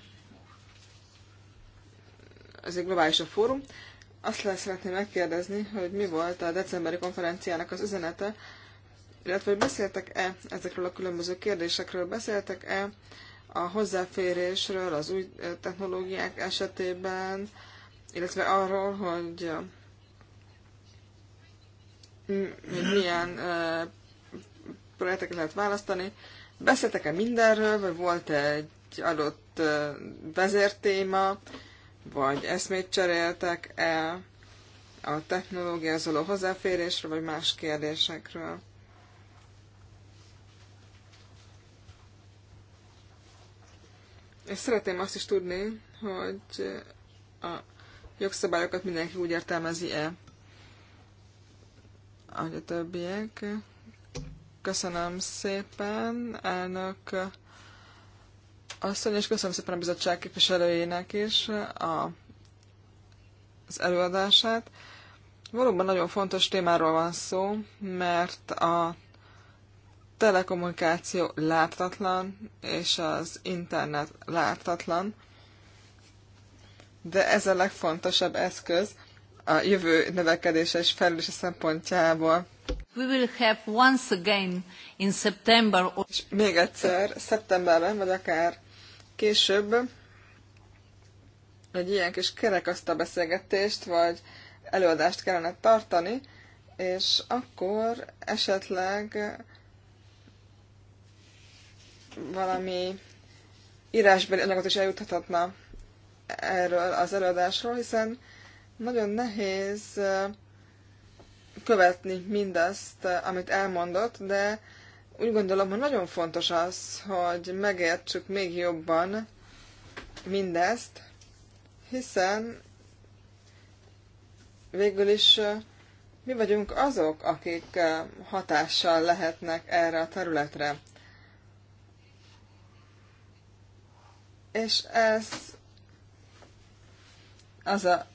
A: ez egy globális a fórum. Azt le szeretném megkérdezni, hogy mi volt a decemberi konferenciának az üzenete, illetve hogy beszéltek-e ezekről a különböző kérdésekről, beszéltek-e a hozzáférésről az új eh, technológiák esetében, illetve arról, hogy eh, milyen eh, projekteket lehet választani. Beszéltek-e mindenről, vagy volt -e egy adott vezértéma, vagy eszmét cseréltek-e a technológiázoló hozzáférésről, vagy más kérdésekről? És szeretném azt is tudni, hogy a jogszabályokat mindenki úgy értelmezi-e, ahogy a többiek. Köszönöm szépen, elnök asszony, és köszönöm szépen a bizottság képviselőjének is a, az előadását. Valóban nagyon fontos témáról van szó, mert a telekommunikáció láthatatlan, és az internet láthatatlan, de ez a legfontosabb eszköz a jövő növekedése és fejlődése szempontjából. We will have once again in September... És még egyszer, szeptemberben, vagy akár később egy ilyen kis kerekasztal beszélgetést, vagy előadást kellene tartani, és akkor esetleg valami írásbeli anyagot is eljuthatna erről az előadásról, hiszen nagyon nehéz követni mindazt, amit elmondott, de úgy gondolom, hogy nagyon fontos az, hogy megértsük még jobban mindezt, hiszen végül is mi vagyunk azok, akik hatással lehetnek erre a területre. és ez az a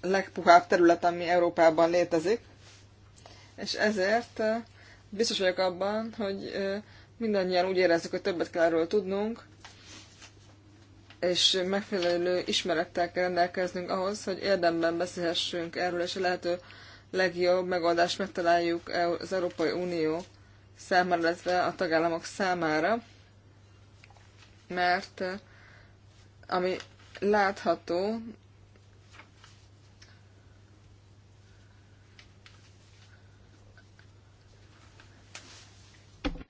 A: legpuhább terület, ami Európában létezik, és ezért biztos vagyok abban, hogy mindannyian úgy érezzük, hogy többet kell erről tudnunk, és megfelelő ismerettel kell rendelkeznünk ahhoz, hogy érdemben beszélhessünk erről, és a lehető legjobb megoldást megtaláljuk e- az Európai Unió számára, illetve a tagállamok számára, mert ami látható,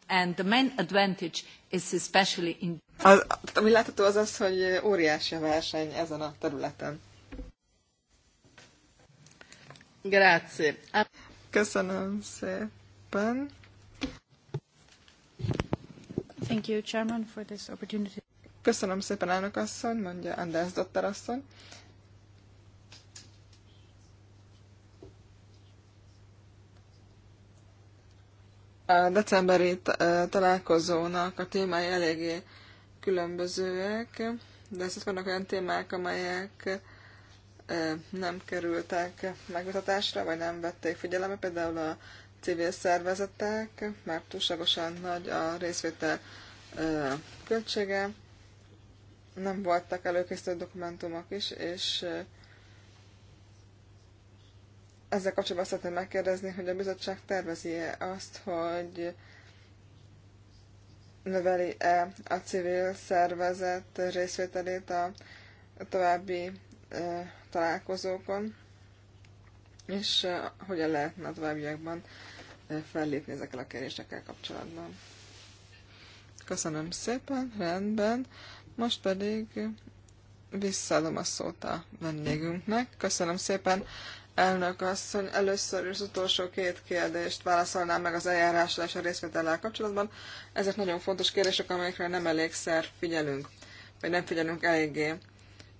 A: And the main advantage is especially in... Az, ami látható az az, hogy óriási a verseny ezen a területen. Grazie. Köszönöm szépen. Thank you, Chairman, for this opportunity. Köszönöm szépen, elnök asszony, mondja Anders Dotter asszony. A decemberi találkozónak a témái eléggé különbözőek, de ezt vannak olyan témák, amelyek nem kerültek megmutatásra, vagy nem vették figyelembe, például a civil szervezetek, mert túlságosan nagy a részvétel költsége, nem voltak előkészítő dokumentumok is, és ezzel kapcsolatban szeretném megkérdezni, hogy a bizottság tervezi-e azt, hogy növeli-e a civil szervezet részvételét a további találkozókon, és hogyan lehetne a továbbiakban fellépni ezekkel a kérésekkel kapcsolatban. Köszönöm szépen, rendben. Most pedig visszaadom a szót a vendégünknek. Köszönöm szépen, elnök asszony. Először és az utolsó két kérdést válaszolnám meg az eljárással és a részvétellel kapcsolatban. Ezek nagyon fontos kérdések, amelyekre nem elégszer figyelünk, vagy nem figyelünk eléggé.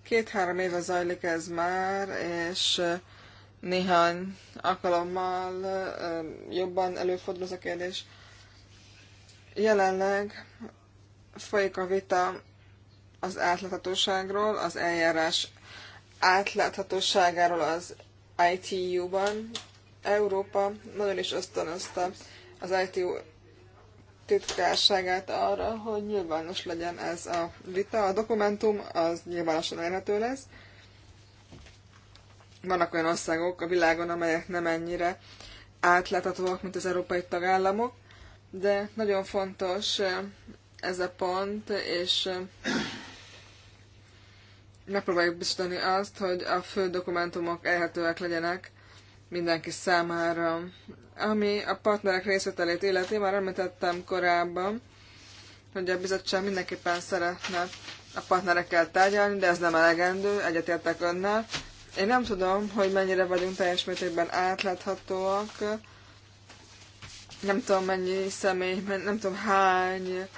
A: Két-három éve zajlik ez már, és néhány alkalommal jobban előfordul ez a kérdés. Jelenleg folyik a vita az átláthatóságról, az eljárás átláthatóságáról az ITU-ban. Európa nagyon is ösztönözte az ITU titkárságát arra, hogy nyilvános legyen ez a vita. A dokumentum az nyilvánosan elérhető lesz. Vannak olyan országok a világon, amelyek nem ennyire átláthatóak, mint az európai tagállamok, de nagyon fontos eh, ez a pont, és eh, megpróbáljuk biztosítani azt, hogy a fő dokumentumok elhetőek legyenek mindenki számára. Ami a partnerek részvételét illeti, már említettem korábban, hogy a bizottság mindenképpen szeretne a partnerekkel tárgyalni, de ez nem elegendő, egyetértek önnel. Én nem tudom, hogy mennyire vagyunk teljes mértékben átláthatóak, nem tudom mennyi személy, nem tudom hány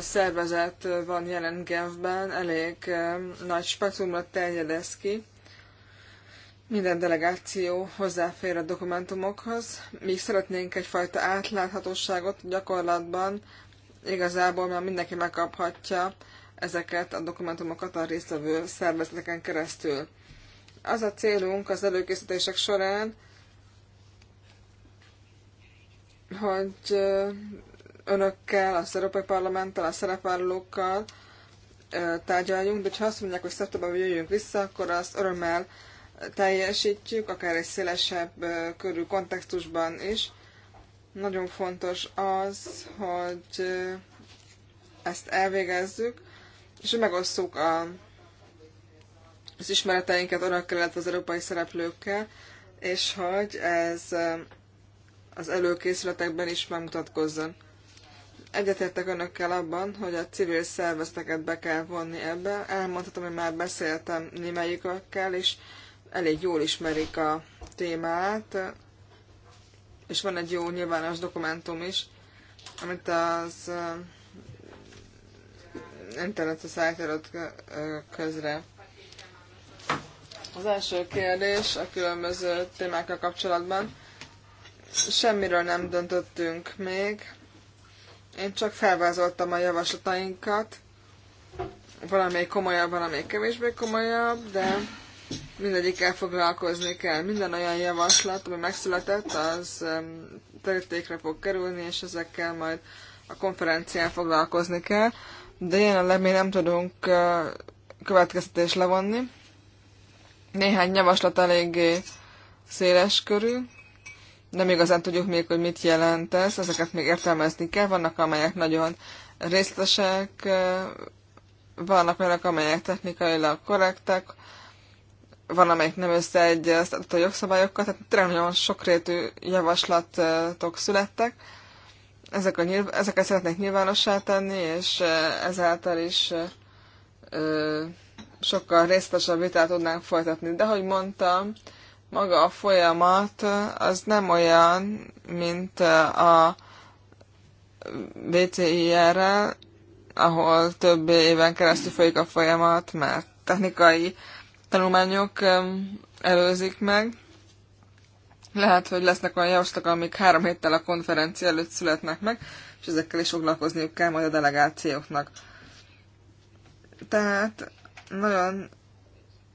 A: szervezet van jelen Genfben, elég nagy spektrumra terjedez ki. Minden delegáció hozzáfér a dokumentumokhoz. Mi szeretnénk egyfajta átláthatóságot gyakorlatban, igazából már mindenki megkaphatja ezeket a dokumentumokat a résztvevő szervezeteken keresztül. Az a célunk az előkészítések során, hogy önökkel, az Európai Parlamenttel, a szerepvállalókkal tárgyaljunk, de ha azt mondják, hogy szeptemberben jöjjünk vissza, akkor azt örömmel teljesítjük, akár egy szélesebb körű kontextusban is. Nagyon fontos az, hogy ezt elvégezzük, és hogy megosszuk a, az ismereteinket önökkel, illetve az európai szereplőkkel, és hogy ez az előkészületekben is megmutatkozzon. Egyetértek önökkel abban, hogy a civil szervezeteket be kell vonni ebbe. Elmondhatom, hogy már beszéltem némelyikökkel, és elég jól ismerik a témát, és van egy jó nyilvános dokumentum is, amit az eh, Internet a adott eh, közre. Az első kérdés a különböző témákkal kapcsolatban. Semmiről nem döntöttünk még. Én csak felvázoltam a javaslatainkat, valamelyik komolyabb, valamelyik kevésbé komolyabb, de mindegyikkel foglalkozni kell. Minden olyan javaslat, ami megszületett, az terítékre fog kerülni, és ezekkel majd a konferencián foglalkozni kell. De jelenleg még nem tudunk következtetést levonni. Néhány javaslat eléggé széles körül, nem igazán tudjuk még, hogy mit jelent ez, ezeket még értelmezni kell, vannak amelyek nagyon részletesek, vannak olyanok, amelyek technikailag korrektek, van, amelyik nem összeegyeztetett a jogszabályokkal, tehát tényleg nagyon sokrétű javaslatok születtek. Ezek a nyilv- ezeket szeretnék nyilvánossá tenni, és ezáltal is ö, sokkal részletesebb vitát tudnánk folytatni. De, ahogy mondtam, maga a folyamat az nem olyan, mint a BCIR-rel, ahol több éven keresztül folyik a folyamat, mert technikai tanulmányok előzik meg. Lehet, hogy lesznek olyan javaslatok, amik három héttel a konferencia előtt születnek meg, és ezekkel is foglalkozniuk kell majd a delegációknak. Tehát nagyon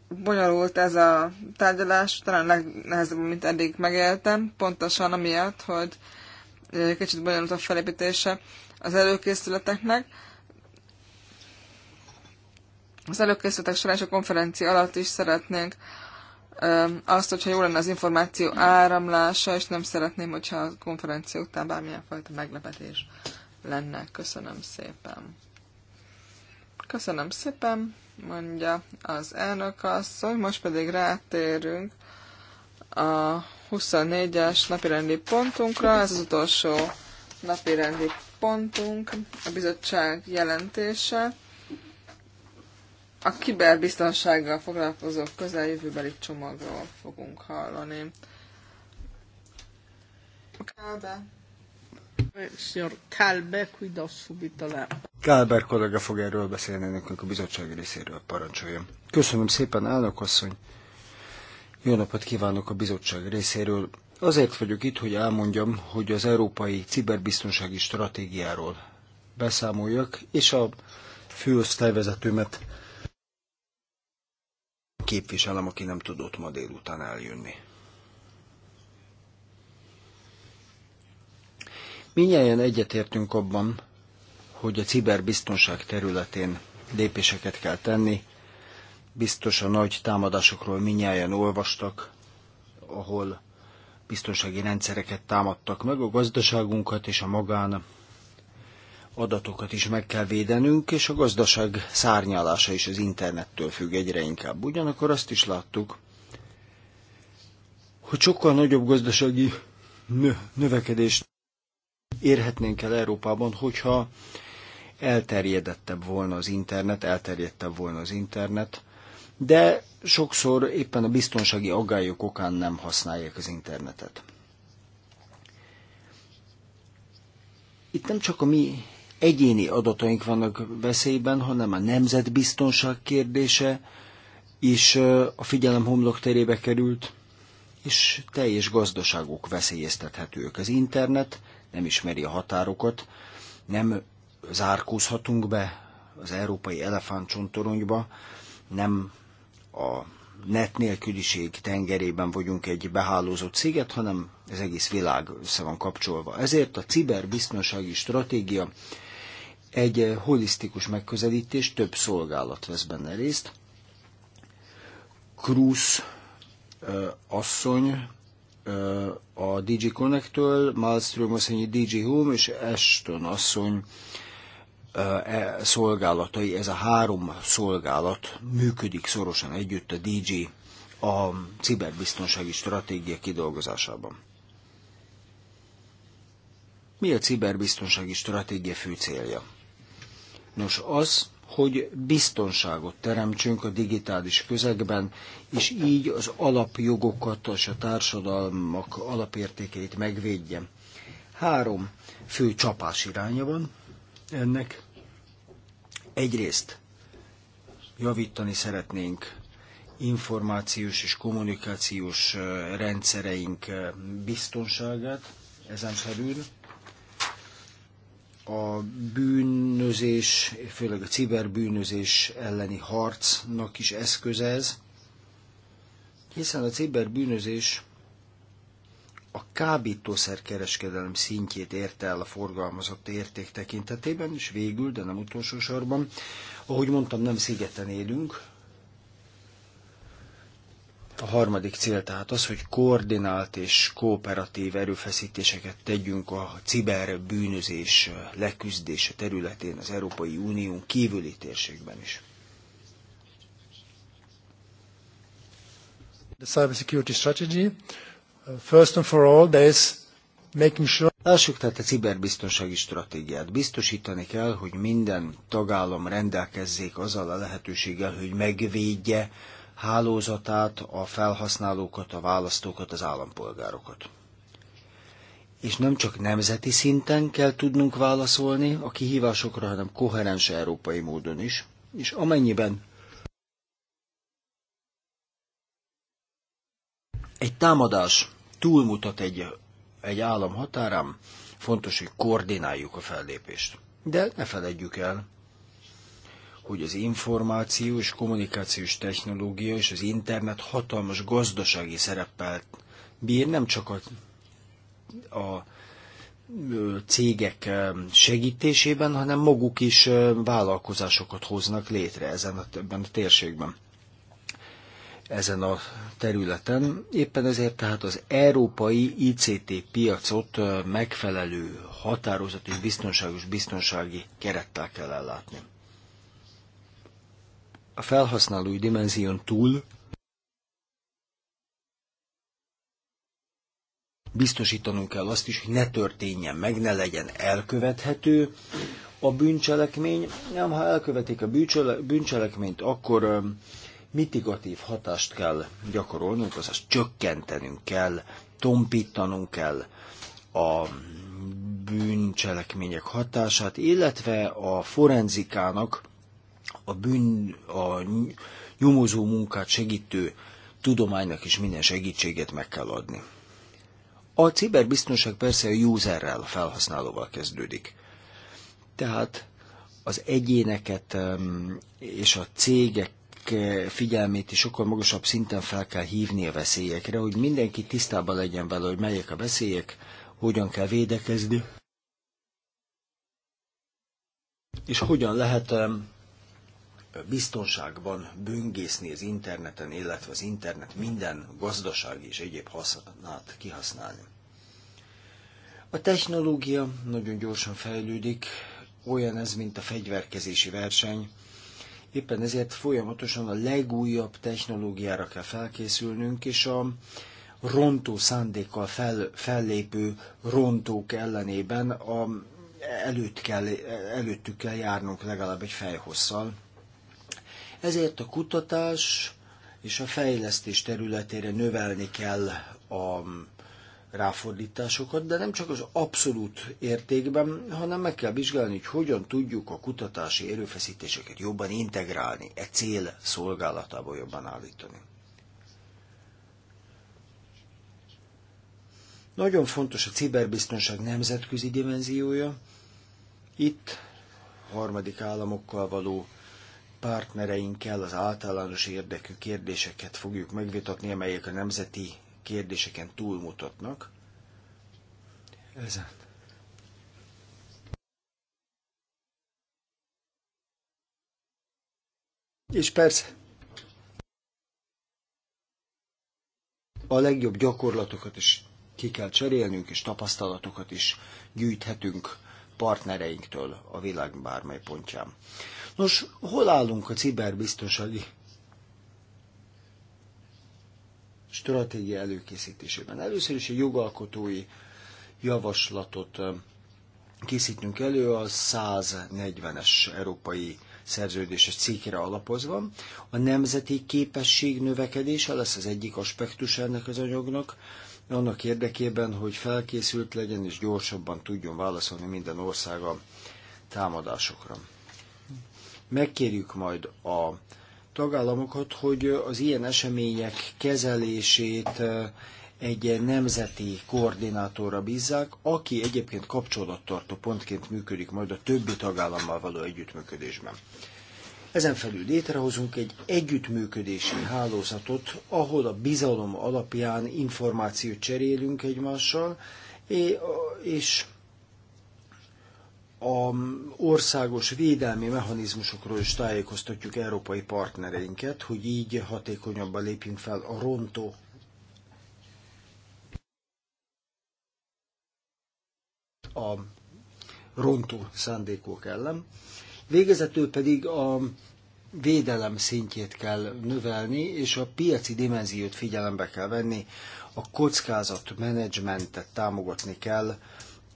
A: bonyolult ez a tárgyalás, talán legnehezebb, mint eddig megéltem, pontosan amiatt, hogy kicsit bonyolult a felépítése az előkészületeknek. Az előkészületek során és a konferencia alatt is szeretnénk azt, hogyha jó lenne az információ áramlása, és nem szeretném, hogyha a konferencia után bármilyen fajta meglepetés lenne. Köszönöm szépen. Köszönöm szépen mondja az elnök asszony. Most pedig rátérünk a 24-es napirendi pontunkra. Ez az utolsó napirendi pontunk, a bizottság jelentése. A kiberbiztonsággal foglalkozó közeljövőbeli csomagról fogunk hallani. Kálbe.
B: Kálber kollega fog erről beszélni nekünk a bizottság részéről, parancsoljon. Köszönöm szépen, elnök asszony. Jó napot kívánok a bizottság részéről. Azért vagyok itt, hogy elmondjam, hogy az Európai Ciberbiztonsági Stratégiáról beszámoljak, és a főosztályvezetőmet képviselem, aki nem tudott ma délután eljönni. Minnyáján egyetértünk abban, hogy a ciberbiztonság területén lépéseket kell tenni. Biztos a nagy támadásokról minnyáján olvastak, ahol biztonsági rendszereket támadtak meg, a gazdaságunkat és a magán adatokat is meg kell védenünk, és a gazdaság szárnyalása is az internettől függ egyre inkább. Ugyanakkor azt is láttuk, hogy sokkal nagyobb gazdasági növekedést érhetnénk el Európában, hogyha elterjedettebb volna az internet, elterjedtebb volna az internet, de sokszor éppen a biztonsági aggályok okán nem használják az internetet. Itt nem csak a mi egyéni adataink vannak veszélyben, hanem a nemzetbiztonság kérdése is a figyelem homlok terébe került, és teljes gazdaságok veszélyeztethetők. Az internet nem ismeri a határokat, nem zárkózhatunk be az európai elefántcsontoronyba, nem a net nélküliség tengerében vagyunk egy behálózott sziget, hanem az egész világ össze van kapcsolva. Ezért a ciberbiztonsági stratégia egy holisztikus megközelítés, több szolgálat vesz benne részt. Krusz asszony a DG Connect-től, Malmström asszonyi DG Home és Ashton asszony e szolgálatai, ez a három szolgálat működik szorosan együtt a DG a ciberbiztonsági stratégia kidolgozásában. Mi a ciberbiztonsági stratégia fő célja? Nos, az, hogy biztonságot teremtsünk a digitális közegben, és így az alapjogokat és a társadalmak alapértékeit megvédje. Három fő csapás iránya van ennek. Egyrészt javítani szeretnénk információs és kommunikációs eh, rendszereink eh, biztonságát ezen felül, a bűnözés, főleg a ciberbűnözés elleni harcnak is eszköz ez, hiszen a ciberbűnözés a kereskedelem szintjét érte el a forgalmazott érték tekintetében, és végül, de nem utolsó sorban, ahogy mondtam, nem szigeten élünk, a harmadik cél tehát az, hogy koordinált és kooperatív erőfeszítéseket tegyünk a ciberbűnözés leküzdése területén az Európai Unión kívüli térségben is. The cybersecurity strategy, uh, first and for all, there is making sure... Lássuk tehát a ciberbiztonsági stratégiát. Biztosítani kell, hogy minden tagállam rendelkezzék azzal a lehetőséggel, hogy megvédje hálózatát, a felhasználókat, a választókat, az állampolgárokat. És nem csak nemzeti szinten kell tudnunk válaszolni a kihívásokra, hanem koherens európai módon is. És amennyiben egy támadás túlmutat egy, egy állam határán, fontos, hogy koordináljuk a fellépést. De ne feledjük el, hogy az információ és kommunikációs technológia és az internet hatalmas gazdasági szereppel bír, nem csak a, a cégek segítésében, hanem maguk is vállalkozásokat hoznak létre ezen a, ebben a térségben, ezen a területen. Éppen ezért tehát az európai ICT piacot megfelelő határozott és biztonságos biztonsági kerettel kell ellátni a felhasználói dimenzión túl biztosítanunk kell azt is, hogy ne történjen meg, ne legyen elkövethető a bűncselekmény. Nem, ha elkövetik a bűncselekményt, akkor mitigatív hatást kell gyakorolnunk, azaz csökkentenünk kell, tompítanunk kell a bűncselekmények hatását, illetve a forenzikának a bűn, a nyomozó munkát segítő tudománynak is minden segítséget meg kell adni. A ciberbiztonság persze a userrel, a felhasználóval kezdődik. Tehát az egyéneket és a cégek eh, figyelmét is sokkal magasabb szinten fel kell hívni a veszélyekre, hogy mindenki tisztában legyen vele, hogy melyek a veszélyek, hogyan kell védekezni, és hogyan lehet biztonságban böngészni az interneten, illetve az internet minden gazdasági és egyéb hasznát kihasználni. A technológia nagyon gyorsan fejlődik, olyan ez, mint a fegyverkezési verseny. Éppen ezért folyamatosan a legújabb technológiára kell felkészülnünk, és a rontó szándékkal fel, fellépő rontók ellenében a, előtt kell, előttük kell járnunk legalább egy fejhosszal. Ezért a kutatás és a fejlesztés területére növelni kell a ráfordításokat, de nem csak az abszolút értékben, hanem meg kell vizsgálni, hogy hogyan tudjuk a kutatási erőfeszítéseket jobban integrálni, e cél szolgálatába jobban állítani. Nagyon fontos a ciberbiztonság nemzetközi dimenziója. Itt harmadik államokkal való partnereinkkel az általános érdekű kérdéseket fogjuk megvitatni, amelyek a nemzeti kérdéseken túlmutatnak. Ezen. És persze, a legjobb gyakorlatokat is ki kell cserélnünk, és tapasztalatokat is gyűjthetünk partnereinktől a világ bármely pontján. Nos, hol állunk a ciberbiztonsági stratégia előkészítésében? Először is egy jogalkotói javaslatot készítünk elő a 140-es európai szerződéses cikkre alapozva. A nemzeti képesség növekedése lesz az egyik aspektus ennek az anyagnak, annak érdekében, hogy felkészült legyen és gyorsabban tudjon válaszolni minden országa támadásokra. Megkérjük majd a tagállamokat, hogy az ilyen események kezelését egy nemzeti koordinátorra bízzák, aki egyébként kapcsolattartó pontként működik majd a többi tagállammal való együttműködésben. Ezen felül létrehozunk egy együttműködési hálózatot, ahol a bizalom alapján információt cserélünk egymással, és a országos védelmi mechanizmusokról is tájékoztatjuk európai partnereinket, hogy így hatékonyabban lépjünk fel a rontó a rontó szándékok ellen. Végezetül pedig a védelem szintjét kell növelni, és a piaci dimenziót figyelembe kell venni, a kockázat menedzsmentet támogatni kell,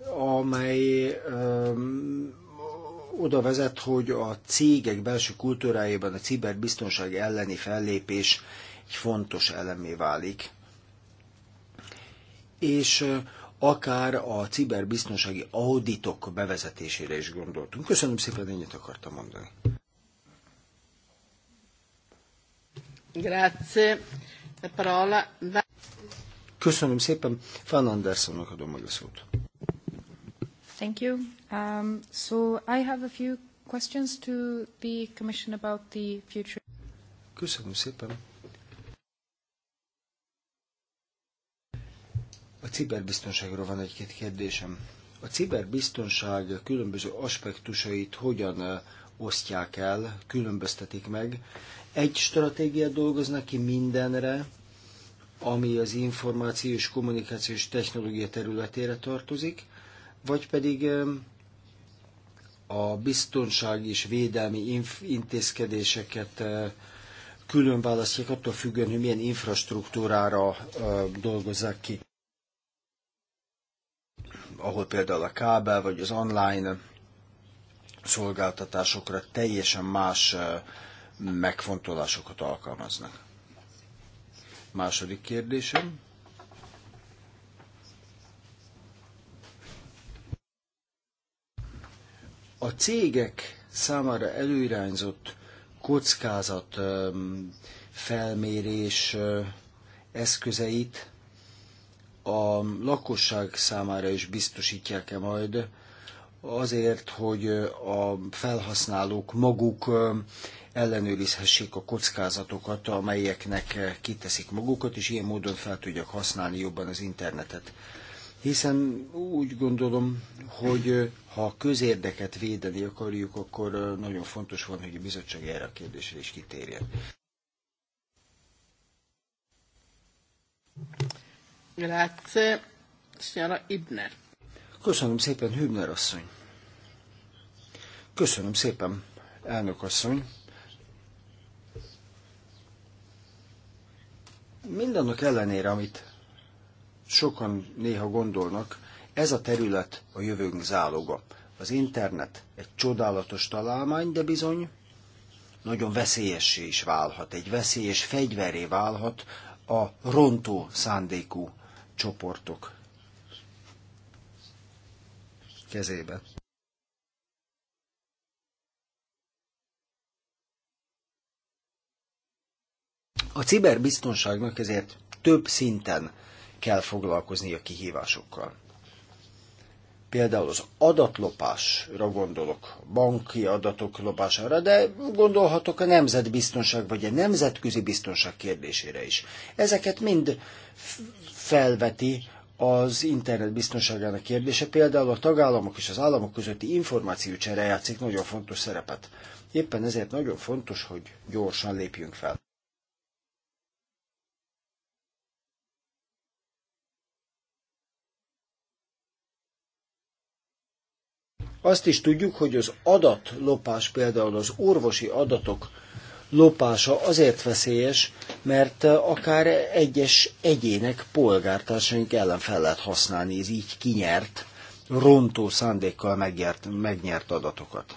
B: amely um, oda vezet, hogy a cégek belső kultúrájában a ciberbiztonság elleni fellépés egy fontos elemé válik. És akár a ciberbiztonsági auditok bevezetésére is gondoltunk. Köszönöm szépen, ennyit akartam mondani.
A: Grazie.
B: Köszönöm szépen, Fan Andersonnak adom meg a szót. Thank you. Um, so I have a few questions to the Commission about the future. Köszönöm szépen. A ciberbiztonságról van egy-két kérdésem. A ciberbiztonság különböző aspektusait hogyan osztják el, különböztetik meg? Egy stratégiát dolgoznak ki mindenre, ami az információs kommunikációs technológia területére tartozik, vagy pedig a biztonsági és védelmi intézkedéseket eh, külön választják attól függően, hogy milyen infrastruktúrára eh, dolgozzák ki. Ahol például a kábel vagy az online szolgáltatásokra teljesen más eh, megfontolásokat alkalmaznak. Második kérdésem. a cégek számára előirányzott kockázat felmérés eszközeit a lakosság számára is biztosítják-e majd, azért, hogy a felhasználók maguk ellenőrizhessék a kockázatokat, amelyeknek kiteszik magukat, és ilyen módon fel tudják használni jobban az internetet hiszen úgy gondolom, hogy ha a közérdeket védeni akarjuk, akkor nagyon fontos van, hogy a bizottság erre a kérdésre is kitérjen.
A: Grazie, signora Ibner.
B: Köszönöm szépen, Hübner asszony. Köszönöm szépen, elnök asszony. Mindannak ellenére, amit sokan néha gondolnak, ez a terület a jövőnk záloga. Az internet egy csodálatos találmány, de bizony nagyon veszélyessé is válhat, egy veszélyes fegyveré válhat a rontó szándékú csoportok kezébe. A ciberbiztonságnak ezért több szinten kell foglalkozni a kihívásokkal. Például az adatlopásra gondolok, banki adatok lopására, de gondolhatok a nemzetbiztonság vagy a nemzetközi biztonság kérdésére is. Ezeket mind felveti az internet biztonságának kérdése, például a tagállamok és az államok közötti információcsere játszik nagyon fontos szerepet. Éppen ezért nagyon fontos, hogy gyorsan lépjünk fel. Azt is tudjuk, hogy az adatlopás, például az orvosi adatok lopása azért veszélyes, mert eh, akár egyes egyének, polgártársaink ellen fel lehet használni az így kinyert, rontó szándékkal megnyert, megnyert adatokat.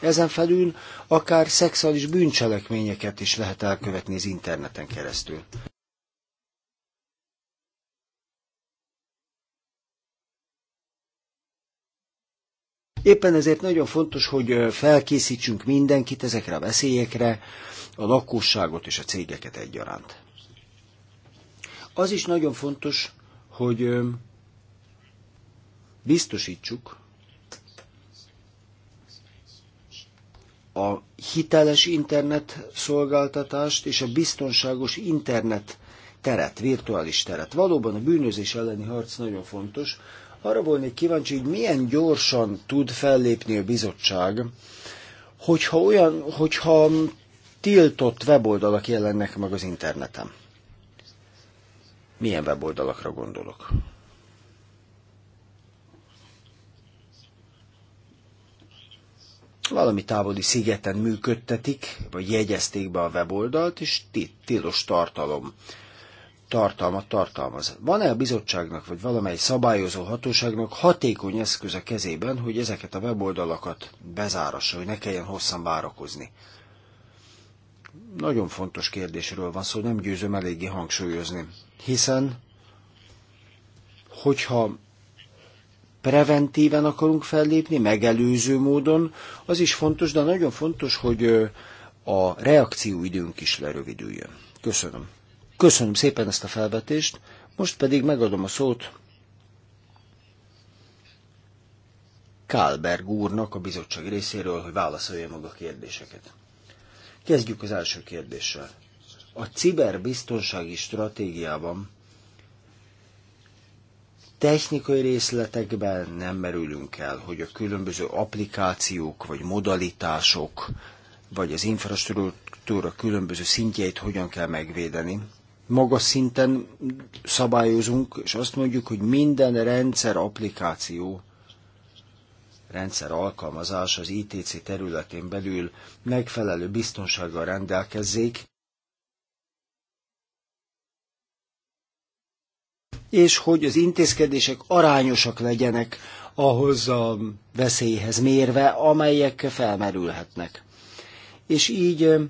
B: Ezen felül akár szexuális bűncselekményeket is lehet elkövetni az interneten keresztül. Éppen ezért nagyon fontos, hogy felkészítsünk mindenkit ezekre a veszélyekre, a lakosságot és a cégeket egyaránt. Az is nagyon fontos, hogy biztosítsuk a hiteles internet szolgáltatást és a biztonságos internet teret, virtuális teret. Valóban a bűnözés elleni harc nagyon fontos, arra volnék kíváncsi, hogy milyen gyorsan tud fellépni a bizottság, hogyha, olyan, hogyha tiltott weboldalak jelennek meg az interneten. Milyen weboldalakra gondolok? valami távoli szigeten működtetik, vagy jegyezték be a weboldalt, és tilos tartalom tartalmat tartalmaz. Van-e a bizottságnak, vagy valamely szabályozó hatóságnak hatékony eszköz a kezében, hogy ezeket a weboldalakat bezárassa, hogy ne kelljen hosszan várakozni? Nagyon fontos kérdésről van szó, nem győzöm eléggé hangsúlyozni. Hiszen, hogyha preventíven akarunk fellépni, megelőző módon, az is fontos, de nagyon fontos, hogy a reakcióidőnk is lerövidüljön. Köszönöm. Köszönöm szépen ezt a felvetést, most pedig megadom a szót Kálberg úrnak a bizottság részéről, hogy válaszolja maga a kérdéseket. Kezdjük az első kérdéssel. A ciberbiztonsági stratégiában technikai részletekben nem merülünk el, hogy a különböző applikációk vagy modalitások, vagy az infrastruktúra különböző szintjeit hogyan kell megvédeni magas szinten szabályozunk, és azt mondjuk, hogy minden rendszer applikáció, rendszer alkalmazás az ITC területén belül megfelelő biztonsággal rendelkezzék, és hogy az intézkedések arányosak legyenek ahhoz a veszélyhez mérve, amelyek felmerülhetnek. És így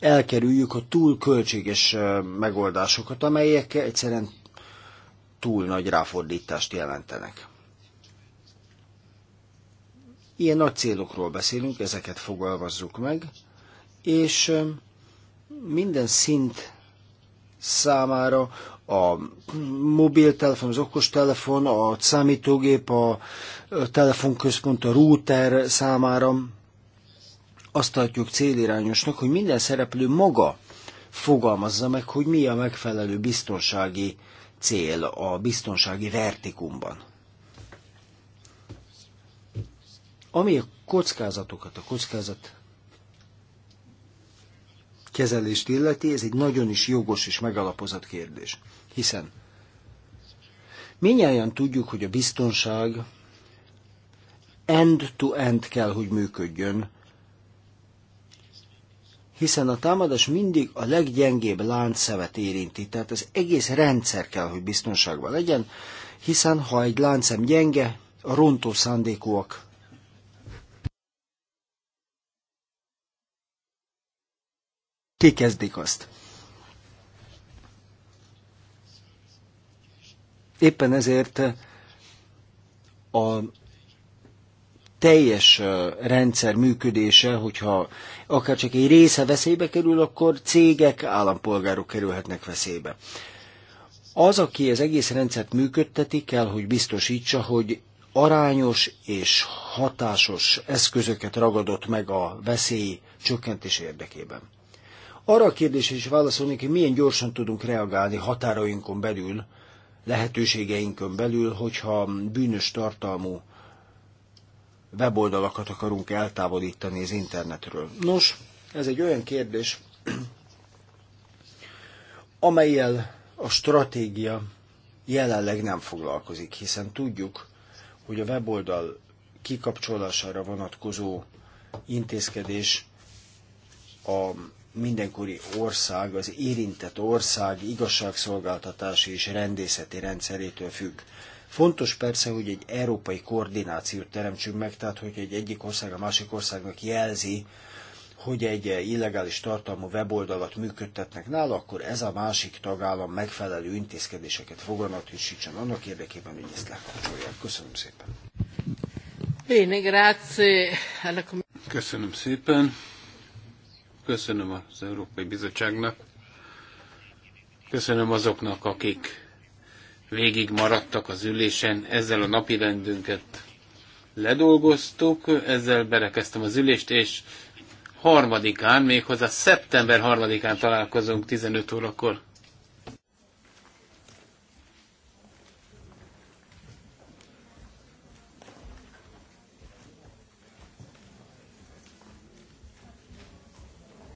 B: elkerüljük a túl költséges megoldásokat, amelyek egyszerűen túl nagy ráfordítást jelentenek. Ilyen nagy célokról beszélünk, ezeket fogalmazzuk meg, és minden szint számára a mobiltelefon, az okostelefon, a számítógép, a telefonközpont, a router számára azt tartjuk célirányosnak, hogy minden szereplő maga fogalmazza meg, hogy mi a megfelelő biztonsági cél a biztonsági vertikumban. Ami a kockázatokat, a kockázat kezelést illeti, ez egy nagyon is jogos és megalapozott kérdés. Hiszen minnyáján tudjuk, hogy a biztonság end-to-end -end kell, hogy működjön, hiszen a támadás mindig a leggyengébb láncszemet érinti, tehát az egész rendszer kell, hogy biztonságban legyen, hiszen ha egy láncszem gyenge, a rontó szándékúak kikezdik azt. Éppen ezért a teljes rendszer működése, hogyha akár csak egy része veszélybe kerül, akkor cégek, állampolgárok kerülhetnek veszélybe. Az, aki az egész rendszert működteti, kell, hogy biztosítsa, hogy arányos és hatásos eszközöket ragadott meg a veszély csökkentés érdekében. Arra a kérdésre is válaszolni, hogy milyen gyorsan tudunk reagálni határainkon belül, lehetőségeinkön belül, hogyha bűnös tartalmú weboldalakat akarunk eltávolítani az internetről. Nos, ez egy olyan kérdés, amelyel a stratégia jelenleg nem foglalkozik, hiszen tudjuk, hogy a weboldal kikapcsolására vonatkozó intézkedés a mindenkori ország, az érintett ország igazságszolgáltatási és rendészeti rendszerétől függ. Fontos persze, hogy egy európai koordinációt teremtsünk meg, tehát hogy egy egyik ország a másik országnak jelzi, hogy egy illegális tartalmú weboldalat működtetnek nála, akkor ez a másik tagállam megfelelő intézkedéseket foganatosítson annak érdekében, hogy ezt lekapcsolják. Köszönöm
C: szépen.
A: Bene, grazie.
C: Köszönöm szépen. Köszönöm az Európai Bizottságnak. Köszönöm azoknak, akik végig maradtak az ülésen, ezzel a napi rendünket ledolgoztuk, ezzel berekeztem az ülést, és harmadikán, méghozzá szeptember harmadikán találkozunk 15 órakor.